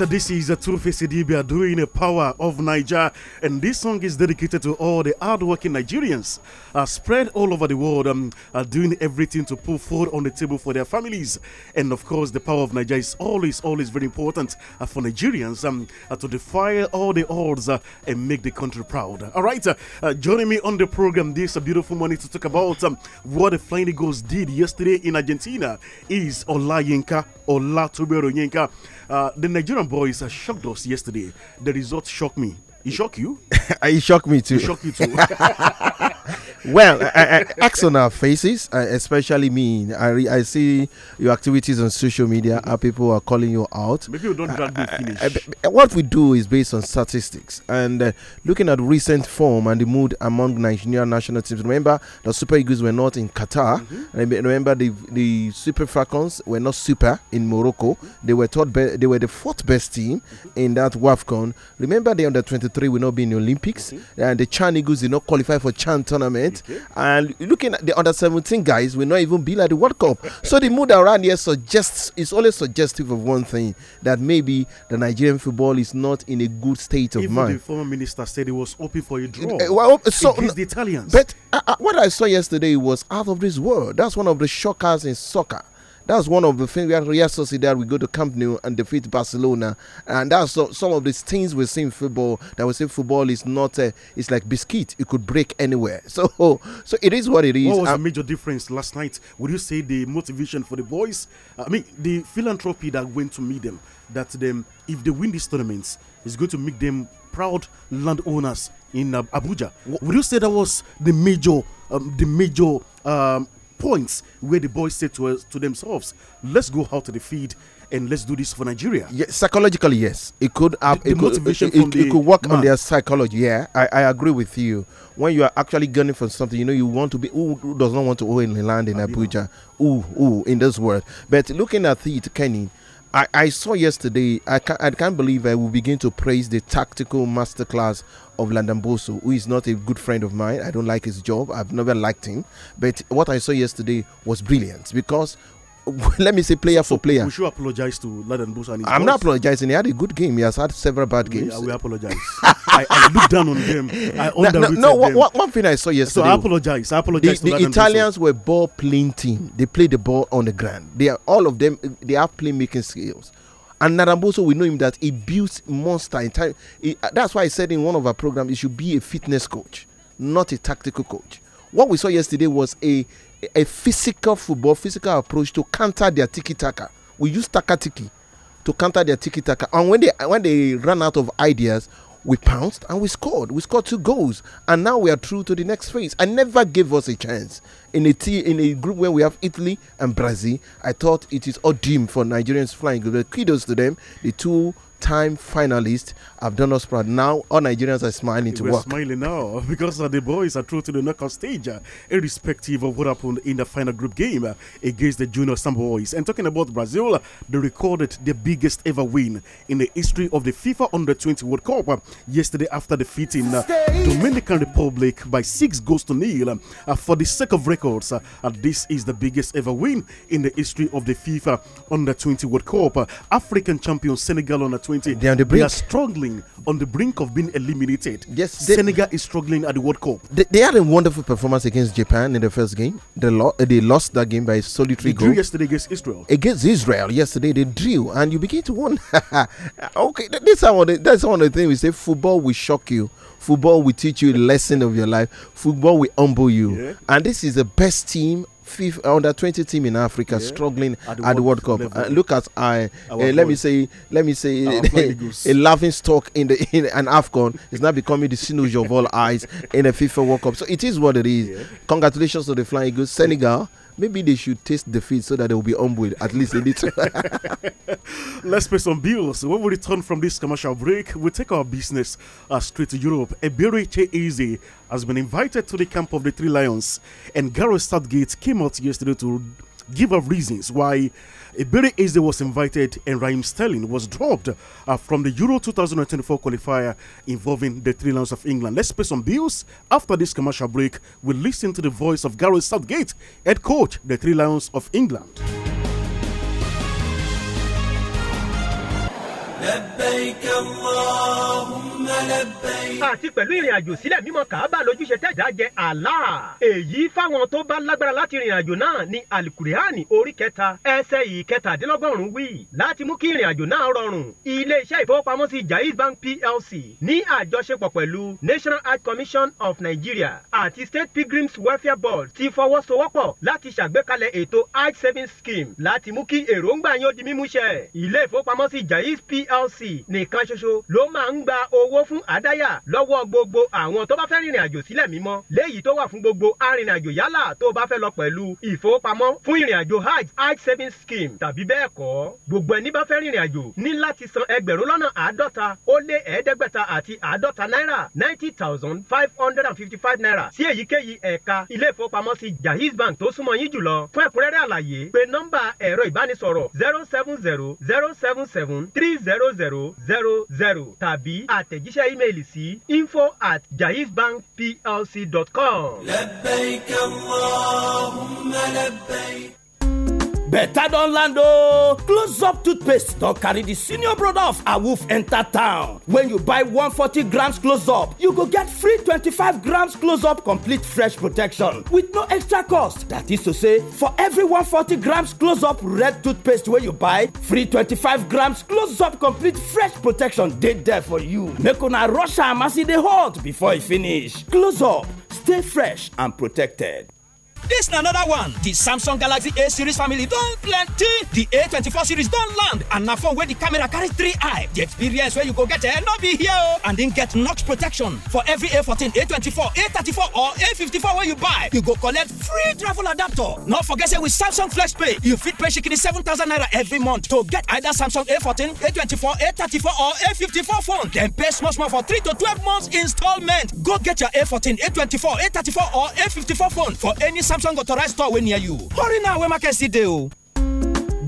So this is a Tufe Sidibia doing the power of Niger, and this song is dedicated to all the hardworking Nigerians uh, spread all over the world, um, uh, doing everything to put food on the table for their families. And of course, the power of Niger is always, always very important uh, for Nigerians um, uh, to defy all the odds uh, and make the country proud. All right, uh, joining me on the program this beautiful morning to talk about um, what the Flying Eagles did yesterday in Argentina is Olayinka Olatubero Yinka. Uh, the Nigerian boys shocked us yesterday. The result shocked me. He shocked you? he shocked me too. He shocked you too. well, I, acts on our faces, uh, especially me. I, I see your activities on social media. How people are calling you out. Maybe you don't drag finish. what we do is based on statistics and uh, looking at recent form and the mood among Nigerian national teams. Remember, the Super Eagles were not in Qatar. Mm-hmm. Remember, the the Super Falcons were not super in Morocco. They were third. Be- they were the fourth best team mm-hmm. in that WAFCON. Remember, the under twenty 2023 will not be in the Olympics, okay. and the Chan Eagles did not qualify for Chan tournament. Okay. And looking at the under 17 guys, will not even be like the World Cup. so the mood around here suggests it's always suggestive of one thing that maybe the Nigerian football is not in a good state of even mind. The former minister said he was hoping for a draw. Uh, well, so, against the Italians. But uh, uh, what I saw yesterday was out of this world. That's one of the shockers in soccer. That's one of the things we had Real that We go to Camp Nou and defeat Barcelona, and that's so, some of these things we see in football. That we say football is not a, uh, it's like biscuit; it could break anywhere. So, so it is what it is. What was um, the major difference last night? Would you say the motivation for the boys? I mean, the philanthropy that went to meet them. That them, if they win these tournaments, is going to make them proud landowners in uh, Abuja. Would you say that was the major, um, the major um, points where the boys said to, us, to themselves, let's go out to the field and let's do this for Nigeria. Yeah, psychologically, yes, it could have the, it, could, motivation it, it could work man. on their psychology. Yeah, I, I agree with you. When you are actually gunning for something, you know, you want to be who, does not want to own land in Abuja, who, who in this world. But looking at it, Kenny, I, I saw yesterday, I, ca- I can't believe I will begin to praise the tactical masterclass of Landamboso, who is not a good friend of mine. I don't like his job. I've never liked him. But what I saw yesterday was brilliant because let me say player for player. We should apologize to Laden Bosa. I'm not apologizing. He had a good game. He has had several bad games. We, we apologize. I, I looked down on them. I no, no, no one, one thing I saw yesterday. So I apologize. I apologize. The, the Italians were ball playing team. They play the ball on the ground. They are all of them. They have playmaking skills. And Naramboso, we know him that he builds monster. In time. He, uh, that's why I said in one of our programs, he should be a fitness coach, not a tactical coach. What we saw yesterday was a a physical football, physical approach to counter their tiki taka. We use taka tiki to counter their tiki taka. And when they when they ran out of ideas, we pounced and we scored. We scored two goals, and now we are through to the next phase. I never gave us a chance in a t- in a group where we have Italy and Brazil. I thought it is all for Nigerians flying. kudos to them. The two time finalist of done Now all Nigerians are smiling to We're work. smiling now because the boys are through to the knockout stage, uh, irrespective of what happened in the final group game uh, against the junior Samba boys. And talking about Brazil, uh, they recorded the biggest ever win in the history of the FIFA Under 20 World Cup yesterday after defeating Dominican Republic by six goals to nil. for the sake of records, this is the biggest ever win in the history of the FIFA Under 20 World Cup. African champion Senegal Under 20 2020. They're on the brink. They are struggling on the brink of being eliminated. Yes, they, Senegal is struggling at the World Cup. They, they, had a wonderful performance against Japan in the first game. They, lo uh, they lost that game by a solitary they goal. Drew yesterday against Israel. Against Israel yesterday, they drew, and you begin to wonder. okay, that's one. The, that's one of the things we say. Football will shock you. Football will teach you a lesson of your life. Football will humble you. Yeah. And this is the best team 5th uh, under 20 team in Africa yeah. struggling at the, at the World, World, Cup. Uh, look at I. Uh, let me say, let me say, a laughing stock in the in an Afcon is now becoming the sinuj of all eyes in a FIFA World Cup. So it is what it is. Yeah. Congratulations to the Flying Eagles, Senegal. Maybe they should taste defeat so that they will be humbled at least a little. Let's pay some bills. When we return from this commercial break, we take our business uh, straight to Europe. Ebere Easy has been invited to the camp of the Three Lions, and Gareth Southgate came out yesterday to give up reasons why Iberi Eze was invited and Raheem Sterling was dropped uh, from the Euro 2024 qualifier involving the three Lions of England. Let's pay some bills. After this commercial break, we we'll listen to the voice of Gareth Southgate, head coach, the three lions of England. àti pẹ̀lú ìrìn àjò sílẹ̀ mímọ́ kàábà lójúṣe tẹ̀dá jẹ Allah èyí fáwọn tó bá lágbára láti rìn àjò náà ní alukurihani orí kẹta ẹsẹ̀ ìkẹtàdínlọ́gọ́rùn wí láti mú kí ìrìn àjò náà rọrùn ilé-iṣẹ́ ìfowópamọ́sí Jaiz Bank PLC ní àjọṣepọ̀ pẹ̀lú National Art Commission of Nigeria àti State Pilgrims Welfare Board ti fọwọ́sowọ́pọ̀ láti ṣàgbékalẹ̀ ètò hajj savings scheme láti mú kí èròǹgbà yín ó di mímúṣẹ ilé ìfowópamọ́sí Jaiz PLC Hajj nìkan ṣoṣo ló máa ń gba owó fún àdáyà lọ́wọ́ gbogbo àwọn tó bá fẹ́ rìnrìn àjò sílẹ̀ mímọ́ léyìí tó wà fún gbogbo arìnrìnàjò yálà tó bá fẹ́ lọ pẹ̀lú ìfowópamọ́ fún ìrìnàjò hajj hajj savings scheme tàbí bẹ́ẹ̀ kọ́ gbogbo ẹni bá fẹ́ rìnrìn àjò ní láti san ẹgbẹ̀rún lọ́nà àádọ́ta ó lé ẹ̀ẹ́dẹ́gbẹ̀ta àti àádọ́ta náírà ninety thousand five hundred and fifty five naira sí èyíkéyìí ẹ̀ka ilé ìfowópamọ́sí Jaiz Bank tó súnmọ́ yín jùlọ fún ẹ̀kúnrẹ́rẹ́ àlàyé pé nọ́mbà ẹ̀rọ ìbánisọ̀rọ̀ zero seven zero zero seven seven three zero zero zero zero zero tàbí àtẹ̀jíṣẹ́ ímeèlì sí info at jaizbankplc dot com. labbaik better than Lando. close up toothpaste Don't carry the senior brother of a wolf enter town when you buy 140 grams close up you go get free 25 grams close up complete fresh protection with no extra cost that is to say for every 140 grams close up red toothpaste when you buy free 25 grams close up complete fresh protection dead there for you make a rush am as in the hold before e finish close up stay fresh and protected. This na another one. The Samsung Galaxy A series family don plenty. The A24 series don't land and na phone where the camera carries three eye. The experience where you go get a eh, not be here o. Oh. And then get knox protection for every A14, A24, A34 or A54 where you buy. You go collect free travel adapter. Not forget say with Samsung Flex Pay, you fit pay shikini 7,000 naira every month to get either Samsung A14, A24, A34 or A54 phone. Then pay small small for 3 to 12 months installment. Go get your A14, A24, A34 or A54 phone for any Samsung option go to right store wey near you hurry now wey market still dey o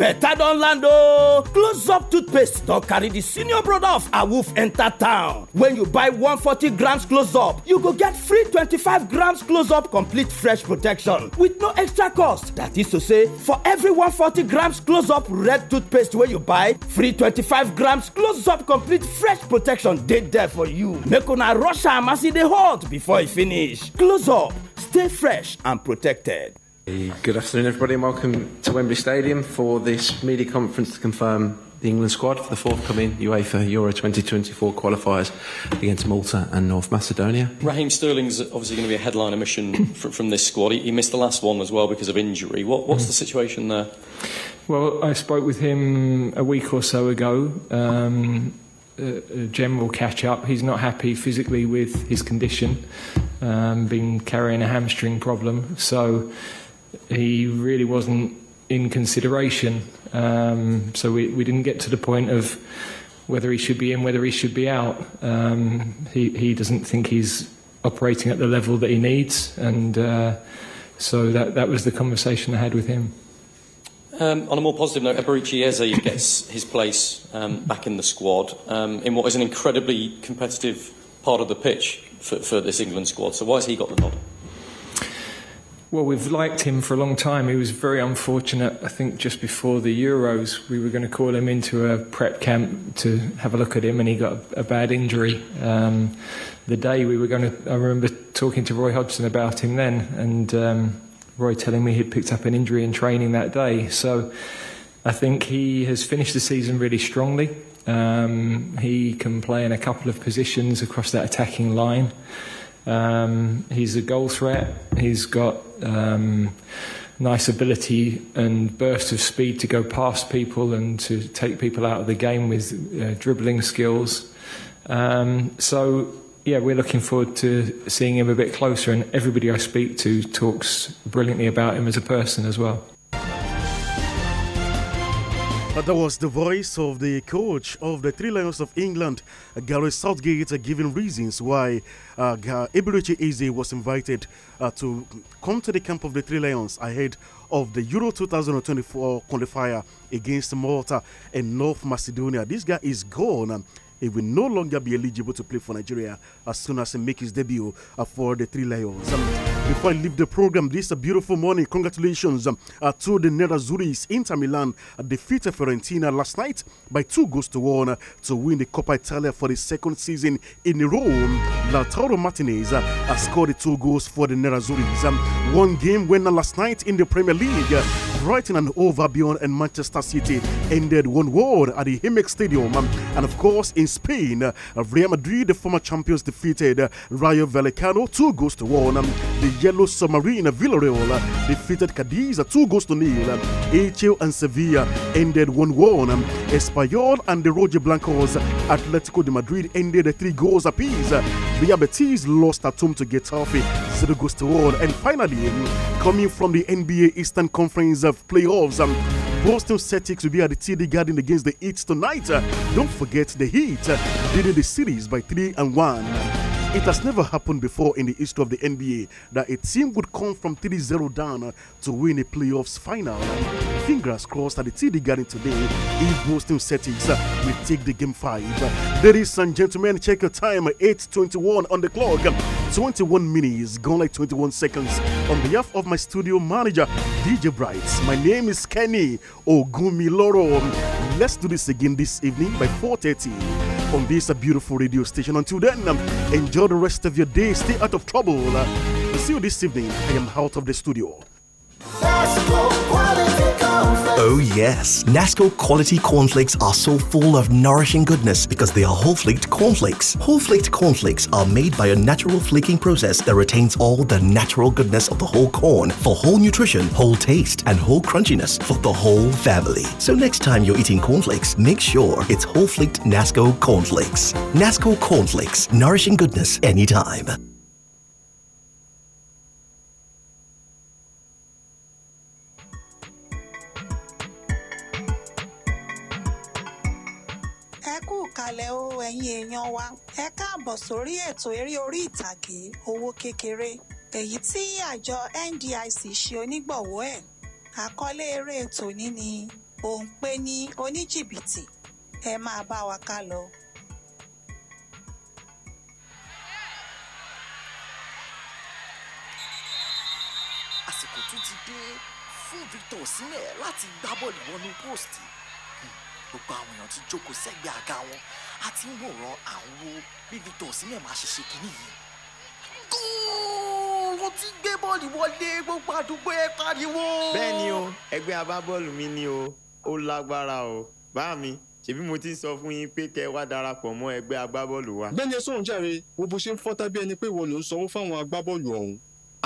better than land oh. close up toothpaste Don't carry the senior brother of a wolf enter town when you buy 140 grams close up you go get free 25 grams close up complete fresh protection with no extra cost that is to say for every 140 grams close up red toothpaste where you buy free 25 grams close up complete fresh protection dead there for you make a rush and as e before e finish close up stay fresh and protected. Good afternoon, everybody, and welcome to Wembley Stadium for this media conference to confirm the England squad for the forthcoming UEFA Euro 2024 qualifiers against Malta and North Macedonia. Raheem Sterling's obviously going to be a headline omission from, from, this squad. He, he, missed the last one as well because of injury. What, what's the situation there? Well, I spoke with him a week or so ago. Um, a uh, general uh, catch up. He's not happy physically with his condition, um, been carrying a hamstring problem. So he really wasn't in consideration. Um, so we, we didn't get to the point of whether he should be in, whether he should be out. Um, he, he doesn't think he's operating at the level that he needs. And uh, so that, that was the conversation I had with him. Um, on a more positive note, Eberici Eze gets his place um, back in the squad um, in what is an incredibly competitive part of the pitch for, for this England squad. So why has he got the nod? Well, we've liked him for a long time. He was very unfortunate. I think just before the Euros, we were going to call him into a prep camp to have a look at him, and he got a, bad injury. Um, the day we were going to, I remember talking to Roy Hodgson about him then, and um, Roy telling me he'd picked up an injury in training that day. So I think he has finished the season really strongly. Um, he can play in a couple of positions across that attacking line. Um, he's a goal threat. He's got um, nice ability and burst of speed to go past people and to take people out of the game with uh, dribbling skills. Um, so, yeah, we're looking forward to seeing him a bit closer, and everybody I speak to talks brilliantly about him as a person as well that was the voice of the coach of the Three Lions of England, Gary Southgate, giving reasons why uh, Iburuchi Eze was invited uh, to come to the camp of the Three Lions ahead of the Euro 2024 qualifier against Malta and North Macedonia. This guy is gone. He will no longer be eligible to play for Nigeria as soon as he makes his debut uh, for the Three Lions. Um, before I leave the program, this is a beautiful morning. Congratulations um, uh, to the Nerazzurris. Inter Milan uh, defeated Fiorentina last night by two goals to one to win the Coppa Italia for the second season in a row. Um, Lautaro Martinez has scored two goals for the Nerazzurris. One game winner last night in the Premier League. Brighton and over beyond and Manchester City ended one world at the Himex Stadium. And of course, in Spain. Uh, Real Madrid, the former champions, defeated uh, Rayo Vallecano two goals to one. Um, the Yellow Submarine Villarreal uh, defeated Cadiz two goals to nil. Um, and Sevilla ended 1 1. Um, Espanyol and the Roger Blancos Atletico de Madrid ended uh, three goals apiece. Uh, Real Betis lost at home to get Getafe zero goals to one. And finally, um, coming from the NBA Eastern Conference of playoffs. Um, Boston Celtics will be at the TD Garden against the Heat tonight. Uh, don't forget the Heat uh, leading the series by 3 and 1. It has never happened before in the history of the NBA that a team would come from 3 0 down to win a playoffs final. Fingers crossed that the TD Garden today, if Boston settings, uh, will take the game 5. Ladies and gentlemen, check your time 8.21 on the clock. 21 minutes, gone like 21 seconds. On behalf of my studio manager, DJ Brights, my name is Kenny Ogumiloro. Let's do this again this evening by 4.30 on this beautiful radio station. Until then, um, enjoy the rest of your day. Stay out of trouble. Uh, see you this evening. I am out of the studio. Oh, yes. Nasco quality cornflakes are so full of nourishing goodness because they are whole flaked cornflakes. Whole flaked cornflakes are made by a natural flaking process that retains all the natural goodness of the whole corn for whole nutrition, whole taste, and whole crunchiness for the whole family. So, next time you're eating cornflakes, make sure it's whole flaked Nasco cornflakes. Nasco cornflakes, nourishing goodness anytime. kalẹ̀ o ẹ̀yin èèyàn wa ẹ káàbọ̀ sórí ètò eré orí ìtàgé owó kékeré èyí tí àjọ NDIC ṣe onígbọ̀wọ́ ẹ̀ àkọlé eré ètò ní ni òun pé ní oníjìbìtì ẹ máa bá wa ká lọ. àsìkò tún ti dé fún Victor Osimhen láti gbá bọ́ọ̀lù wọnú post gbogbo àwọn èèyàn ti jókòó sẹ́gbẹ̀ẹ́ àga wọn a ti ń wòran àwọn bí Victor Osimhen máa ṣe ṣe kínní yìí. góòlù ti gbé bọ́ọ̀lù wọlé gbogbo àdúgbò ẹ pariwo. bẹ́ẹ̀ ni o ẹgbẹ́ abábọ́ọ̀lù mi ni o ó lágbára o bá mi ṣebí mo ti sọ fún yín pé kẹ́ wá darapọ̀ mọ́ ẹgbẹ́ agbábọ́ọ̀lù wa. bẹ́ẹ̀ni sọ̀rọ̀ jàre wo bó ṣe ń fọ́tá bí ẹni pé ìwọ ló ń sanwó fáwọn agbábọ́ọ̀lù ọ̀hún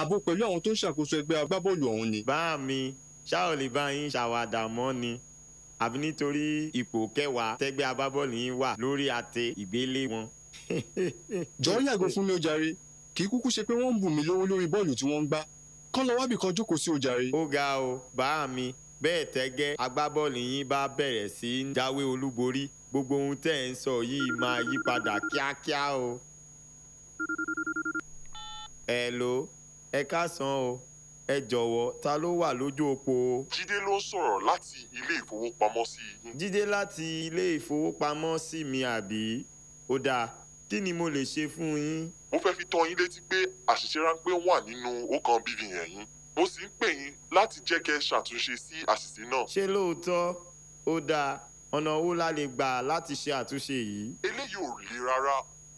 àbò pẹ̀lú àwọn tó ń ṣàkóso ẹgbẹ́ agbábọ́ọ̀lù ọ̀hún ni. bá mi ṣáò lè bá yín ṣàwàdà mọ́ ni àbí nítorí ipò kẹwàá tẹgbẹ́ abábọ́ọ̀lù yín wà lórí àtẹ ìgbélé wọn. jọ̀ọ́ yàgò fún mi ó jàre kì í kúkú ṣe pé wọ́n ń bù mí lówó lórí bọ́ọ̀lù tí wọ́n ń gbá kán lọ wábì kan jókòó sí ó ó ga o bàá mi bẹ́ẹ̀ tẹ́gẹ́ agbábọ́ọ̀lù yín bá bẹ̀rẹ̀ sí í jáwé olúborí gbogbo ohun tẹ́ ẹ̀ ń sọ yìí máa yí padà kíákíá o. ẹ̀ ló ẹ ká san o ẹ jọ̀wọ́ ta ló wà lójú òpó. jíde ló ń sọ̀rọ̀ láti ilé ìfowópamọ́sí jíde láti ilé ìfowópamọ́sí mi àbí? ó dáa kí ni mo lè ṣe fún yín. mo fẹ́ fi tọ́ yín létí pé àṣìṣe ráńpẹ́ wà nínú ọkàn BVN yín mo sì ń pè yín láti jẹ́ kẹ́ ṣàtúnṣe sí àṣìṣe náà. ṣé lóòótọ́ ó dáa ọ̀nà wo la lè gbà láti ṣe àtúnṣe yìí. eléyìí ò le rárá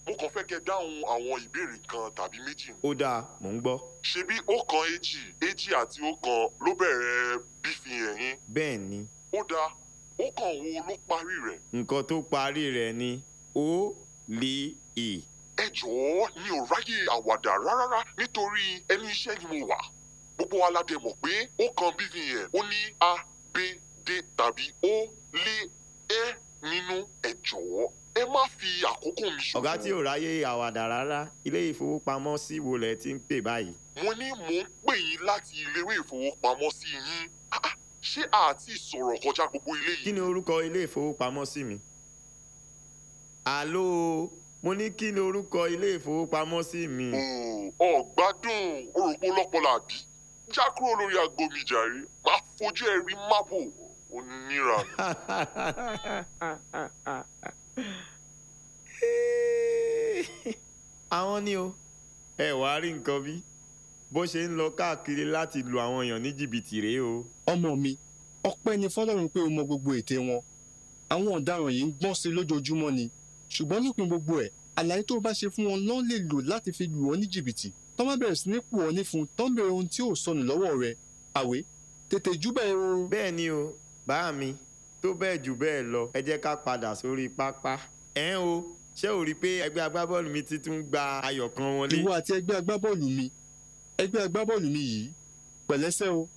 mo kàn fẹ́ kẹ́ dáhùn àwọn ìbéèrè kan tàbí méjì. ó dáa mò ń gbọ́. ṣebí ọ̀kan èjì èjì àti ọ̀kan ló bẹ̀rẹ̀ bífi ẹ̀yìn. bẹ́ẹ̀ ni. ó dáa ọ̀kan wo ló parí rẹ̀. nǹkan tó parí rẹ̀ ni O lè E. ẹ jọ̀ọ́ mi ò ráyè àwàdà rárá nítorí ẹnu iṣẹ́ ni mo wà gbogbo wa la dẹ̀ mọ̀ pé ọ̀kan bífi ẹ̀ ó ní a b d tàbí O lé E nínú ẹ jọ̀ọ́ ẹ má fi àkókò mi ṣòfò. ọ̀gá tí ò ráyè àwàdà rárá ilé ìfowópamọ́sí wo lẹ ti ń pè báyìí. mo ní mò ń pè yín láti ilé ìfowópamọ́sí yín ah, ah, ṣé àti ìsọ̀rọ̀ kọjá gbogbo ilé yìí. kí ni orúkọ ilé ìfowópamọ́sí mi? àló mo ní kí ni orúkọ ilé ìfowópamọ́sí mi. ọ̀gbádùn orògbó lọ́pọ̀lọ́ àbí já kúrò lórí aago mi jàre máa fojú ẹ rí mábò onírànú. àwọn ni o ẹ wàá rí nǹkan bí bó ṣe ń lọ káàkiri láti lu àwọn èèyàn ní jìbìtì rèé o. ọmọ mi ọpẹ́ ni fọ́lọ́run pé o mọ gbogbo ète wọn àwọn ọ̀daràn yìí ń gbọ́n sí lójoojúmọ́ ni ṣùgbọ́n nípìn gbogbo ẹ̀ àlàyé tó o bá ṣe fún wọn náà lè lò láti fi lù ọ́ ní jìbìtì tọ́ má bẹ̀rẹ̀ sí ní pò ọ́ nífun tọ́ ń bèrè ohun tí ò sọnù lọ́wọ́ rẹ̀ àwé tètè júbà ẹ o. bẹ́ẹ̀ ni o bá mi tó bẹ́ẹ̀ jù bẹ́ẹ̀ lọ ẹ jẹ́ ká padà sórí pápá ẹ̀ ń o ṣé o rí i pé ẹgbẹ́ agbábọ́ọ̀lù mi ti tún gba ayọ̀ kan wọlé. ìwọ àti ẹgbẹ́ agbábọ́ọ̀lù mi ẹgbẹ́ agbábọ́ọ̀lù mi yìí pẹ̀lẹ́sẹ̀ o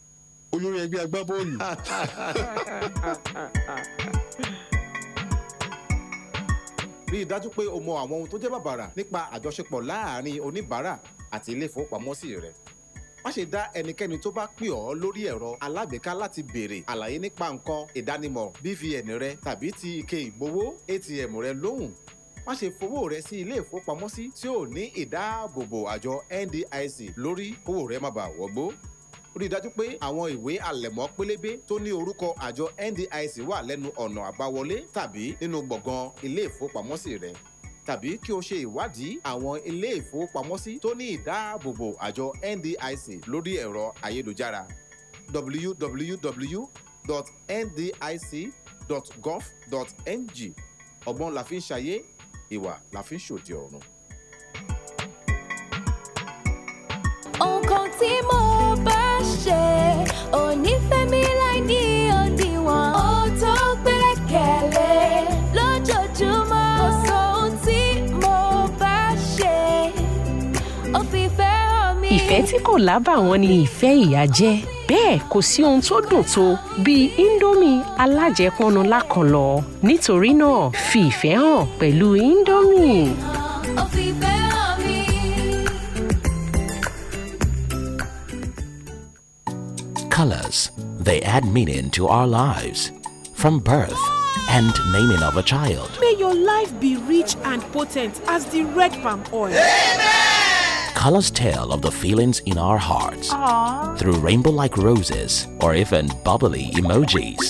olórí ẹgbẹ́ agbábọ́ọ̀lù. rí i dájú pé o mọ àwọn ohun tó jẹ́ bàbàrà nípa àjọṣepọ̀ láàárín oníbàárà àti ilé ìfowópamọ́sí rẹ̀ má ṣe dá ẹnikẹ́ni tó bá pè ọ́ lórí ẹ̀rọ alágbèéká láti béèrè àlàyé nípa nǹkan ìdánimọ̀ BVN rẹ tàbí ti ike ìgbowó ATM rẹ lóhùn má ṣe fowó rẹ sí ilé ìfowópamọ́sí tí ò ní ìdáàbòbò àjọ NDIC lórí kówó rẹ má bàa wọgbó rí i dájú pé àwọn ìwé àlẹ̀mọ́ pélébé tó ní orúkọ àjọ NDIC wà lẹ́nu ọ̀nà àbáwọlé tàbí nínú gbọ̀ngàn ilé ìfowópamọ́sí rẹ tàbí kí o ṣe ìwádìí àwọn ilé ìfowópamọ́sí tó ní ìdáàbòbò àjọ NDIC lórí ẹ̀rọ ayélujára www.ndic.gov.ng ọgbọ́n la fi ń ṣayé ìwà la fi ń ṣòde ọ̀run. nǹkan tí mo bá ṣe ò ní fẹ́ mi láì ní òdiwọ̀n ó tó pẹ́rẹ́kẹ̀lé lójoojúmọ́. ìfẹ́ tí kò lábàwọ́n ni ìfẹ́ ìyá jẹ́ bẹ́ẹ̀ kò sí ohun tó dùn tó bíi indomie alájẹpọnu lákọlọ nítorí náà fi ìfẹ́ hàn pẹ̀lú indomie. Colors. They add meaning to our lives. From birth and naming of a child. May your life be rich and potent as the red palm oil. Amen colors tell of the feelings in our hearts Aww. through rainbow like roses or even bubbly emojis.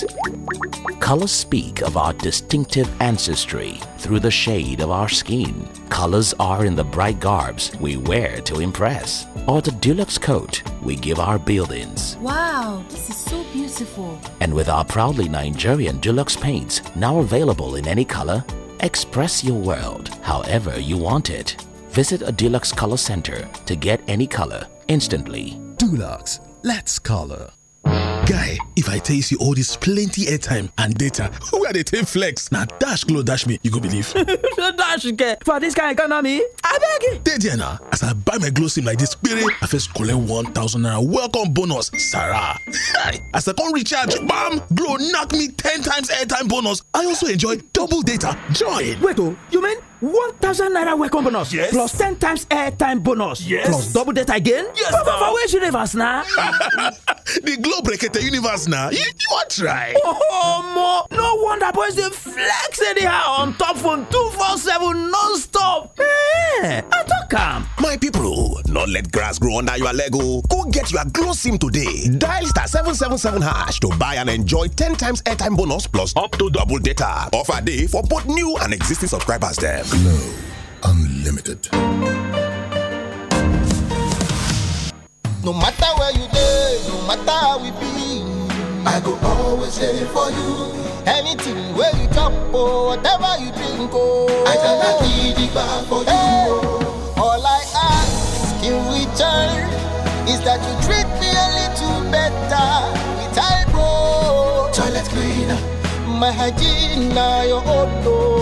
Colors speak of our distinctive ancestry through the shade of our skin. Colors are in the bright garbs we wear to impress or the deluxe coat we give our buildings. Wow, this is so beautiful. And with our proudly Nigerian deluxe paints now available in any color, express your world however you want it. Visit a Dulux Color Center to get any color instantly. Dulux, let's color. Guy, if I taste you all this plenty airtime and data, who are they take flex? Now dash glow dash me, you go believe. dash get for this kind economy. I beg you. Dead now, as I buy my glow sim like this, spirit, I first collect one thousand naira welcome bonus, Sarah. as I come recharge, bam, glow knock me ten times airtime bonus. I also enjoy double data. Join. Wait, oh, you mean One thousand naira welcome bonus yes plus ten times airtime bonus yes plus double data again yes but for which universe na the globe rekete universe na you wan try oh mo no wonder boys dey flex anyhow on top phone seven non-stop ehn i tok am my pipo not let grass grow under your leg o oh. go get your glow sim today dial star seven seven seven hash to buy and enjoy ten times airtime bonus plus up to double data offer dey for both new and existing subscribers dem Glow Unlimited. No matter where you live, no matter how we be, I go always there for you. Anything where you chop or oh, whatever you drink, oh, I not need it back for hey. you. Oh. All I ask in return is that you treat me a little better with bro, Toilet cleaner, my hygiene, now your own. Oh.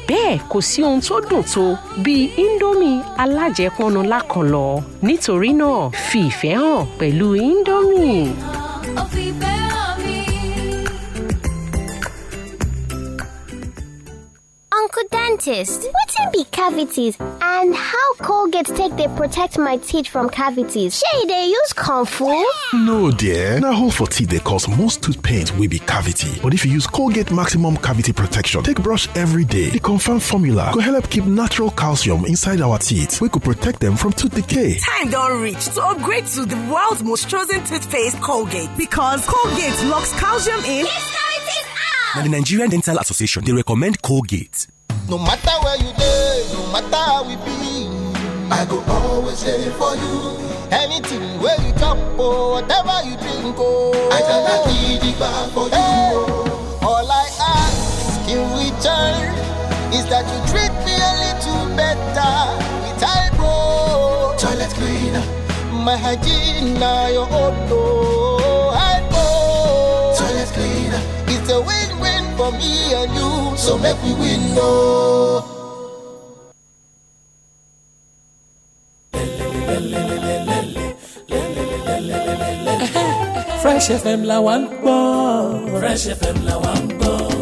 bẹ́ẹ̀ kò sí ohun tó dùn tó bíi indomie alájẹpọnu lákànlọ́ nítorí náà fi ìfẹ́ hàn pẹ̀lú indomie. dentist. Wetin be cavities and how Colgate take they protect my teeth from cavities? Shey they use use fu? No dear, Now, hole for teeth they cause most tooth pain will be cavity. But if you use Colgate Maximum Cavity Protection take brush every day, the confirmed formula go help keep natural calcium inside our teeth We could protect them from tooth decay. Time don't reach to upgrade to the world's most chosen toothpaste Colgate because Colgate locks calcium in. Now, the Nigerian Dental Association, they recommend Colgate. No matter where you dey, no matter how we be, I go always there for you. Anything where you drop or oh, whatever you drink oh, I got to be the bar for you. Oh. All I ask in return is that you treat me a little better with Ibo. Toilet cleaner, my hygiene, your own. Oh. for me and you, so make we win, no. Fresh FM la wa Fresh FM la wa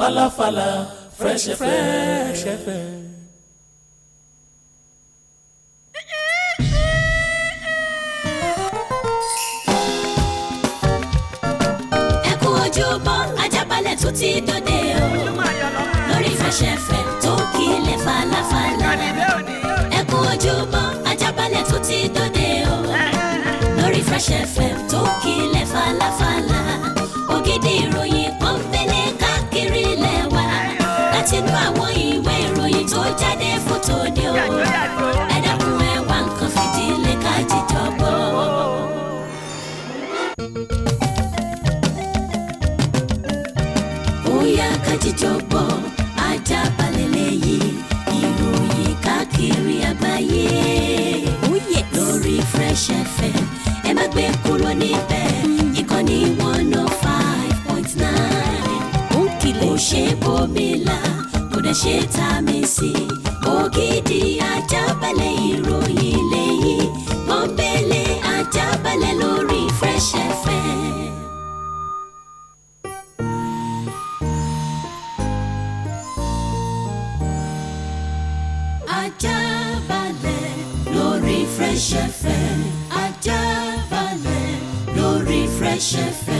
falafala fresh fm. ojúbọ ajábalẹ̀ tó ti dòde o lórí fẹsẹ̀fẹ̀ tó kílẹ̀ falafala ẹ kú ojúbọ ajábalẹ̀ tó ti dòde o lórí fẹsẹ̀fẹ̀ tó kílẹ̀ falafala. nínú àwọn ìwé ìròyìn tó jáde fótó ni o ẹ dákun ẹ wá nǹkan fìdílé ká jíjọ gbọ́. bóyá ká jíjọ gbọ́ ajá balẹ̀ lẹ́yìn ìròyìn káàkiri àgbáyé oh, lórí Fresh FM ẹ má gbé kúrò níbẹ̀ ìkànnì one oh five point nine ó ṣe bòmílà kódà ṣe tá a mi sí. ògidì ajábalẹ̀ ìròyìn lẹ́yìn pọ́npẹ́lẹ́ ajábalẹ̀ lórí Fresh FM. ajábalẹ̀ lórí Fresh FM ajábalẹ̀ lórí Fresh FM.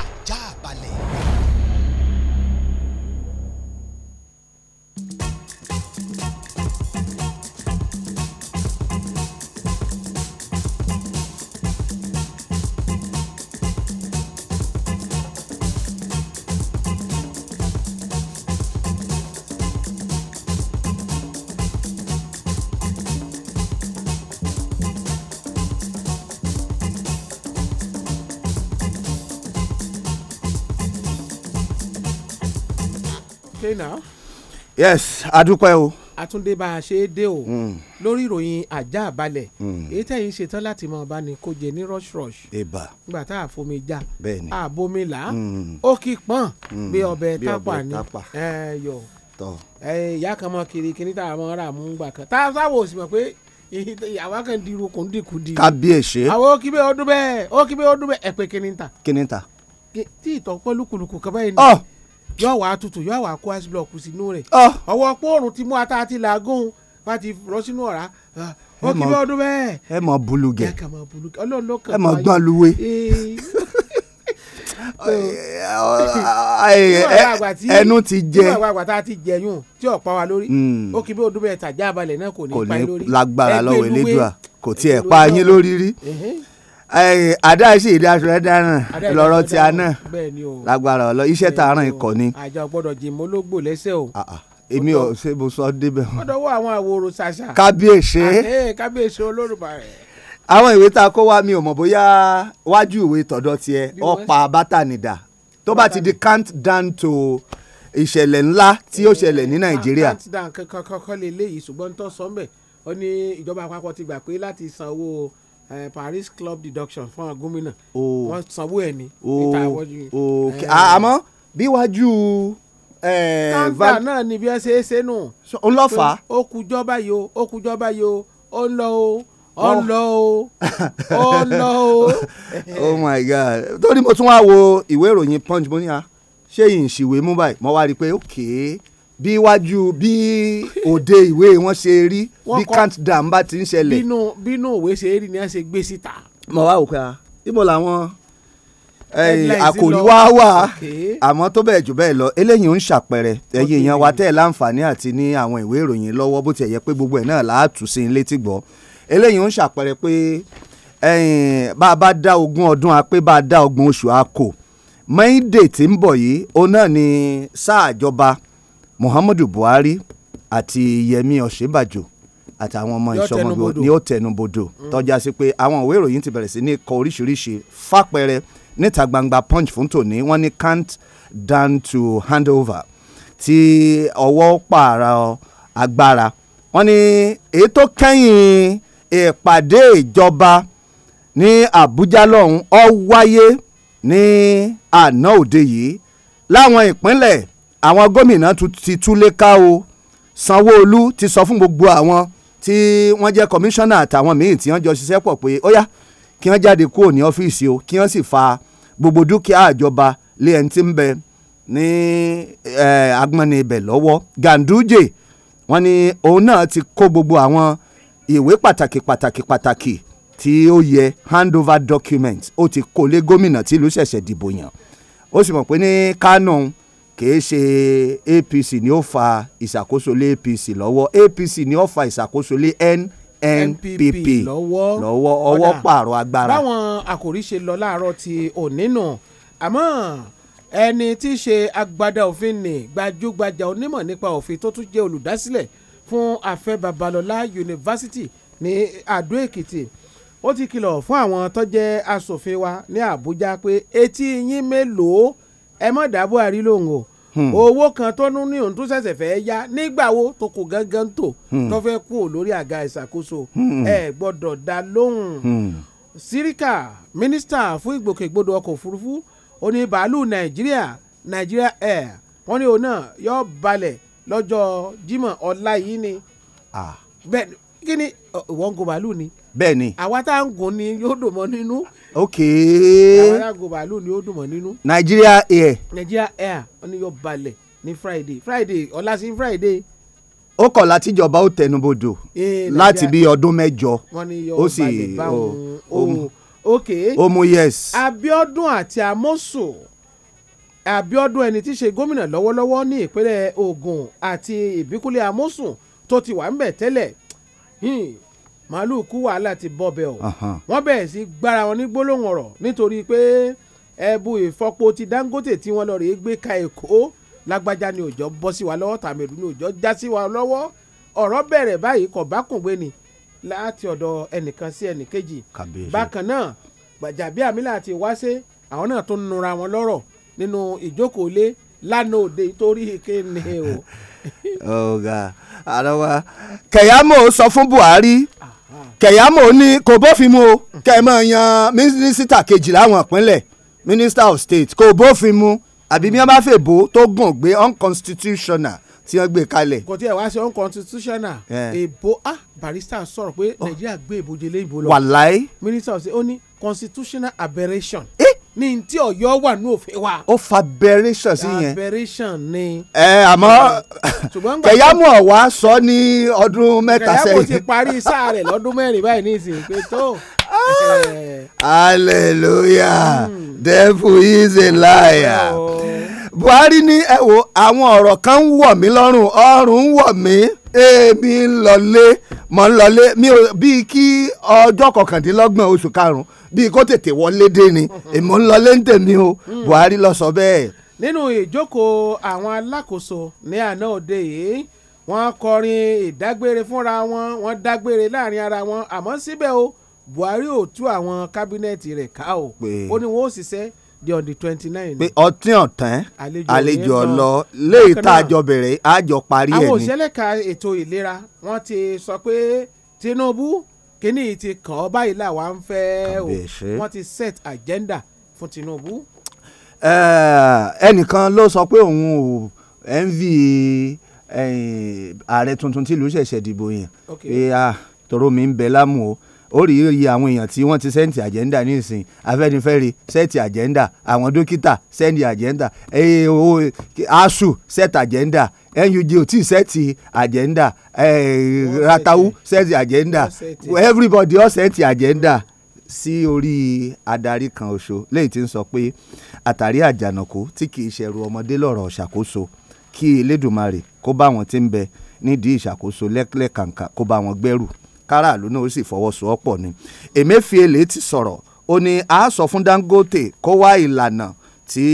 yes adúpẹ́ o. àtúndé bá a ṣe é dé o hmm. lórí ìròyìn ajá balẹ̀ hmm. èyí tẹ̀yìn ṣetán láti mọ̀ bá ní kó jẹ ní rush rush. ìbà nígbà tá a fomi já a bomi là hmm. ó kì í pọ́n bí ọbẹ̀ tápà ni ẹ yọ ìyá kan mọ kiri kiri tá a mọ ra mú gbà kan tá a sáwọ òsì mọ̀ pé àwa kan di irukun dìkú di. kábíyèsé. àwọn òkìbẹ ọdún bẹ́ẹ̀ òkìbẹ ọdún bẹ́ẹ̀ ẹ pé kíní ta. kíní ta. tí ìtọ́pọ̀ lukuluku kaba yìí ni yóò wá tutù yóò wá kó ice block sínú rẹ̀ ah. ọwọ́ pòrùn ti mú ata àti làágùn bá ti rọ sínú ọ̀rá ah, ó kí bí ọdún bẹ́ẹ̀. ẹ mọ bulugẹ ẹ mọ gbọ́n luwe eh. ẹnu ti jẹ nígbà àgbà tá a ti jẹyún tí ò pa wa lórí hmm. ó kì í bí odúbẹ tàjà balẹ̀ náà kò ní pa yín lórí kò ní lágbára lọ́wọ́ elédùà kò tiẹ̀ pa yín lórí rí àdá sì ìdí aṣọ rẹ dáràn lọ́rọ̀ tí a náà lágbára ọlọ iṣẹ́ tààràn ikọ ni. àjà gbọ́dọ̀ jìn mọ lógbò lẹ́sẹ̀ o. Ah, ah, èmi ò ṣe mo sọ débẹ̀. ọ̀dọ̀ wọ àwọn àwòrò ṣàṣà. kábíyèsí. Ah, eh, kábíyèsí olórùbá rẹ̀. àwọn ìwé tá a kó wa mi ò mọ̀ bóyá wájú ìwé tọ̀dọ̀ tiẹ̀ ọ̀pá bátànìdà tó bá ti di count down to ìṣẹ̀lẹ̀ ńlá tí ó ṣẹlẹ̀ ní eh, nàìjíríà. count down kankan kankan lè léyìí ṣùgbọ́n tó sọ ń bẹ̀ ọ ní ìjọba àpapọ̀ ti gbà pé láti san owó Eh, Paris Club deduction fún àwọn gómìnà oh. wọ́n sanwó ẹ̀ ní oh. níta ìwọ́jú oh, yìí. Eh. àmọ́ bí wájú. tàǹgbà eh, náà ni bí ẹ ṣe é ṣe nù. ó ń lọ fà á. ó kújọ́ báyìí o ó kújọ́ báyìí o ó ń lọ o ó ń lọ o ó ń lọ o. oh my god torí mo tún wá wo ìwé ìròyìn punch mo ní a ah, ṣé yìí ń ṣìwé mú báyìí mo wá rí i pé ókèé. Okay bí iwájú bí òde ìwé wọn ṣe rí bí countdown bá ti ń ṣẹlẹ̀. bínú bínú òwe ṣe rí ni a ṣe gbé síta. mo wá òkè a ibo làwọn àkòrí wá wà àmọ́ tó bẹ́ẹ̀ jù bẹ́ẹ̀ lọ eléyìí ń ṣàpẹẹrẹ ẹ̀yin èèyàn wa tẹ́ ẹ̀ láǹfààní àti ní àwọn ìwé ìròyìn lọ́wọ́ bó ti ẹ̀ yẹ pé gbogbo ẹ̀ náà láàtú sí ilé tí gbọ́ eléyìí ń ṣàpẹẹrẹ pé bá a bá dá ogún ọdún a pé bá a dá ogún oṣù a kò mẹ́ńdè tí ń bọ̀ yìí òun náà ni sáà jọba muhammadu buhari àti yemi ọ̀ṣínbàjò àtàwọn ọmọ ìṣọmọgbò ní ó tẹnubodò tọ́já sí pé àwọn ìwé ìròyìn ti bẹ̀rẹ̀ sí ní kọ oríṣiríṣi fàpẹrẹ níta gbangba punch fún tòní wọ́n ní can't down to handover tí ọwọ́ pààrọ̀ agbára wọ́n ní èyí tó kẹ́yìn ìpàdé ìjọba ní àbújá lọ́hùn ó wáyé ní àná òde yìí láwọn ìpínlẹ̀ àwọn gómìnà ti túlé ká o Sanwó-Olú ti sọ fún gbogbo àwọn tí wọ́n jẹ́ kọmíṣánná àtàwọn míì tí wọ́n jọ ṣiṣẹ́ pọ̀ pé ó yá kí wọ́n jáde kúrò ní ọ́fíìsì o kí wọ́n sì fa gbogbo dúkìá ìjọba lé ẹni tí ń bẹ ní agbọ́nni ibẹ̀ lọ́wọ́ Ganduje wọ́n ní òun náà ti kó gbogbo àwọn ìwé pàtàkì pàtàkì pàtàkì tí ó yẹ handover document ó ti kó lé gómìnà tí ìlú ṣẹ̀ṣẹ̀ dìbò yàn ó sì mọ̀ pé ní Kánò kìí ṣe APC ni ó fa ìṣàkóso lé APC lọ́wọ́ APC ni ó fa ìṣàkóso lé NNPP lọ́wọ́ lọ́wọ́ ọwọ́ pààrọ̀ agbára. báwọn àkòrí ṣe lọ láàárọ̀ ti òní nù àmọ́ ẹni tí í ṣe agbada òfin ni gbajúgbajà onímọ̀ nípa òfin tó tún jẹ́ olùdásílẹ̀ fún Afẹ́ Babalọ́lá yunifásitì ní Adó Èkìtì ó ti kìlọ̀ fún àwọn tó jẹ́ asòfin wa ní Àbújá pé etí yín mélòó ẹ mọ̀ dá buhari lóhùn o hmm. owó kan tó ní òun tó ṣẹ̀ṣẹ̀ fẹ́ yá nígbà wo tó kù gángan tó hmm. tó fẹ́ kú lórí àga ìṣàkóso hmm. ẹ gbọ́dọ̀ dá lóhùn síríkà mínísítà fún ìgbòkègbodò ọkọ̀ òfurufú ó ní bàálù nàìjíríà nàìjíríà air wọ́n ní òun náà yọ balẹ̀ lọ́jọ́ Jímọ̀ ọ̀la ni kí ni ìwọ ń go bàálù ni bẹ́ẹ̀ ni. àwa tá à ń gùn ni yóò dùn mọ́ nínú. ok. àwa tá à ń gùn bàálù ni yóò dùn mọ́ nínú. Nigeria Air. Nigeria Air wọn ni yóò balẹ̀ ní Friday Friday ọ̀la sí Friday. ó kọ̀ láti ìjọba ó tẹnubodò eh, láti bí ọdún mẹ́jọ ó sì ohun oh, oh, oh, ok ohun yes. Abiodun àti Amosu Abiodun ẹni tí í ṣe gómìnà lọ́wọ́lọ́wọ́ ní ìpínlẹ̀ Ògùn àti Ìbíkúnlé Amosu tó ti wà ń bẹ̀ tẹ́lẹ̀ hmm màálùú kú wàhálà ti bọ́bẹ̀ o wọ́n bẹ̀rẹ̀ sí gbára wọn ní gbólóhùn ọ̀rọ̀ nítorí pé ẹ̀bù ìfọpo ti Dangote tí wọ́n lọ rèé gbé ka Èkó lágbájá ni òjò bọ́ sí wa lọ́wọ́ tàmẹ̀dù ni òjò já sí wa lọ́wọ́ ọ̀rọ̀ bẹ̀rẹ̀ báyìí kò bá kùngbé ni láti ọ̀dọ̀ ẹnìkan sí ẹnìkejì bákan náà Gbajabiamila àti Wáṣé àwọn náà tó ń nura wọn lọ́rọ̀ nínú ìjókòó lé lánàá òde torí kéne o. ọ̀gá àrọwà kẹ̀yàmó sọ fún Buhari kẹ̀yàmọ̀ ní kò bófin mu o kẹ̀mọ̀ yan mínísítà kejì láwọn ìpínlẹ̀ minister of state kò bófin mu àbí bí wọ́n bá fèbó tó gùn gbé unconstitutional tí wọ́n gbé kalẹ̀. kò tí ẹ wá sí unconstitutional èbó ah barista sọ̀rọ̀ pé nàìjíríà gbé ìbòjì lé ìbò lọ. wàláì. minister of state ó ní constitutional aberration. Eh? ní tí ọ̀yọ́ wà ní òfin wa. ó fa aberration sí yẹn. aberration ni. ẹ àmọ́ kẹ̀yàmù ọ̀wá sọ ní ọdún mẹ́ta sẹ́yìn. kẹ̀yàmù ti parí sáà rẹ̀ lọ́dún mẹ́rin báyìí ní ìsìn pé tó. Ah! hallelujah hmm. devil is a liar. Oh. Buhari ní ẹ wo àwọn ọ̀rọ̀ kan ń wọ̀ mí lọ́rùn ọrùn ń wọ̀ mí èmi ń lọlé mọ̀ ń lọlé mi ò bíi kí ọjọ́ kọkàndínlọ́gbọ̀n oṣù karùn-ún bíi kó tètè wọlé dé ni èmi ń lọlé ń tèmi o hmm. Buhari lọ sọ bẹ́ẹ̀. nínú ìjókòó àwọn alákòóso ní àná òde yìí wọ́n kọrin ìdágbére fúnra wọn wọ́n dágbére láàrin ara wọn àmọ́ síbẹ̀ o Buhari ò tú àwọn kábínẹ̀tì rẹ̀ ká o ó ní wọn ò ṣiṣẹ́ di ọdún twenty nine. pé ọtí ọ̀tán àlejò ọ̀lọ́ léyìí tá a jọ bẹ̀rẹ̀ a jọ parí ẹ̀ ni. àwọn òṣèlè ka ètò ìlera wọ́n ti sọ pé Tinubu kínní ti kàn ọ́ báyìí làwa ń fẹ́ o wọ́n ti set agenda fún Tinubu. ẹnìkan ló sọ pé òun ò mv eh, ààrẹ tuntun tìlú ṣẹ̀ṣẹ̀ dìbò yẹn pé ah, tọrọ mi ń bẹ lámù o. Okay. Eh, ó rí iye àwọn èèyàn tí wọ́n ti sẹ́ǹtì àjẹ́ndà nísìnyí afẹ́nifẹ́re sẹ́ǹtì àjẹ́ndà àwọn dókítà sẹ́ǹtì àjẹ́ndà owó asu sẹ́ǹtì àjẹ́ndà nug ò tí ì sẹ́ǹtì àjẹ́ndà ratawu sẹ́ǹtì àjẹ́ndà everybody all sẹ́ǹtì àjẹ́ndà sí orí adarí kan oṣù lẹ́yìn tí ń sọ pé àtàrí àjànàkú tí kì í ṣẹ̀rù ọmọdé lọ́rọ̀ ṣàkóso kí Elédùmarè kó bá wọn ti ń bẹ nídìí ìṣàkóso lẹ́kẹ̀lẹ́kàǹkà kó bá wọn gbẹ́rù káràlú náà ó sì fọwọ́sowọ́pọ̀ ni Emefiele ti sọ̀rọ̀ ó ní a sọ fún Dangote kó wá ìlànà tí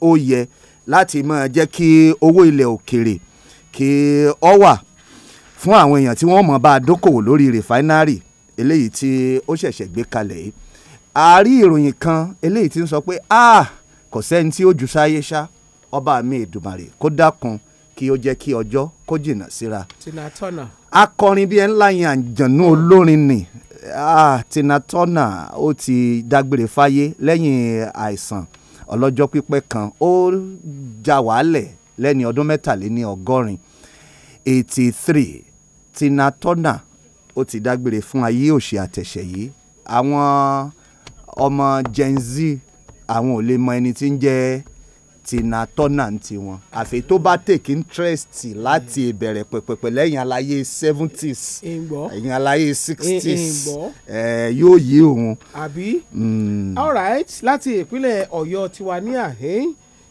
ó yẹ láti máa jẹ́ kí owó ilẹ̀ òkèrè kí ọ wà fún àwọn èèyàn tí wọ́n mọ̀ bá a dókòwò lórí rìfáínárì eléyìí tí ó ṣẹ̀ṣẹ̀ gbé kalẹ̀ yìí a ìròyìn kan eléyìí tí ń sọ pé ah kò sẹ́ni tí ó ju sáyé ṣá ọba mi Èdùmàrè kó dákun kí ó jẹ́ kí ọjọ́ kó jìnnà síra. tina tọ́nà akọrin bíi ńlá yẹn àjànú olórin ni ah, Tina Turner ó ti dágbére fáyé lẹ́yìn àìsàn ọlọ́jọ́ pípẹ́ kan ó já wàhálẹ̀ lẹ́ni ọdún mẹ́tàléní ọgọ́rin eighty three Tina Turner ó ti dágbére fún ayé òṣì àtẹ̀ṣẹ̀ yìí àwọn ọmọ Gen Z àwọn ò lè mọ ẹni tí ń jẹ́ Tina Turner ń àfi tó bá take interest láti ìbẹ̀rẹ̀ pẹ̀pẹ̀pẹ̀ lẹ́yìn aláyé seventies ẹ̀yìn aláyé sixties yóò yí òun. àbí hmm. all right láti ìpínlẹ̀ ọ̀yọ́ tiwa ní àhín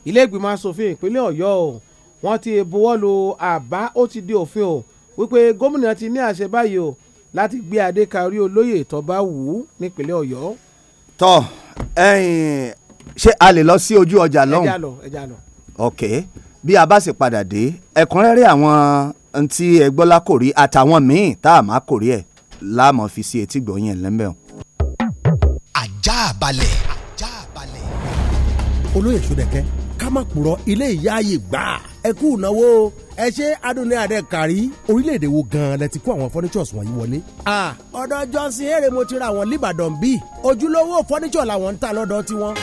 ilé ìgbìmọ̀ asòfin ìpínlẹ̀ ọ̀yọ́ o wọ́n ti buwọ́ lu àbá ó ti di òfin o wípé gómìnà ti ní àṣẹ báyìí o láti gbé adé olóyè tó bá wù ú nípínlẹ̀ ọ̀yọ́. tọ́ ẹ̀yìn ṣé a lè lọ sí ojú ọjà lọ́hùn. ẹja lọ ẹja lọ. ok bí a bá sì padà dé ẹ̀kúnrẹ́rẹ́ àwọn ntí ẹgbọ́lá kò rí àtàwọn míì tá a máa kò rí ẹ̀ láàmú fi sí etí gbọ̀nyẹn lẹ́mẹ̀ o. ajá balẹ̀. ajá balẹ̀. olóyè sódẹ̀kẹ́ ká má purọ́ ilé ìyá ààyè gbà ẹ kú ìnáwó ẹ ṣe adùn ní adẹ kárí orílẹ̀-èdè wo gan-an lẹ ti kó àwọn furnitures wọ̀nyí wọlé. ọ̀dọ̀ johnson eré mo ti ra àwọn líbàdàn bíi ojúlówó furniture làwọn ń ta lọ́dọ̀ tiwọn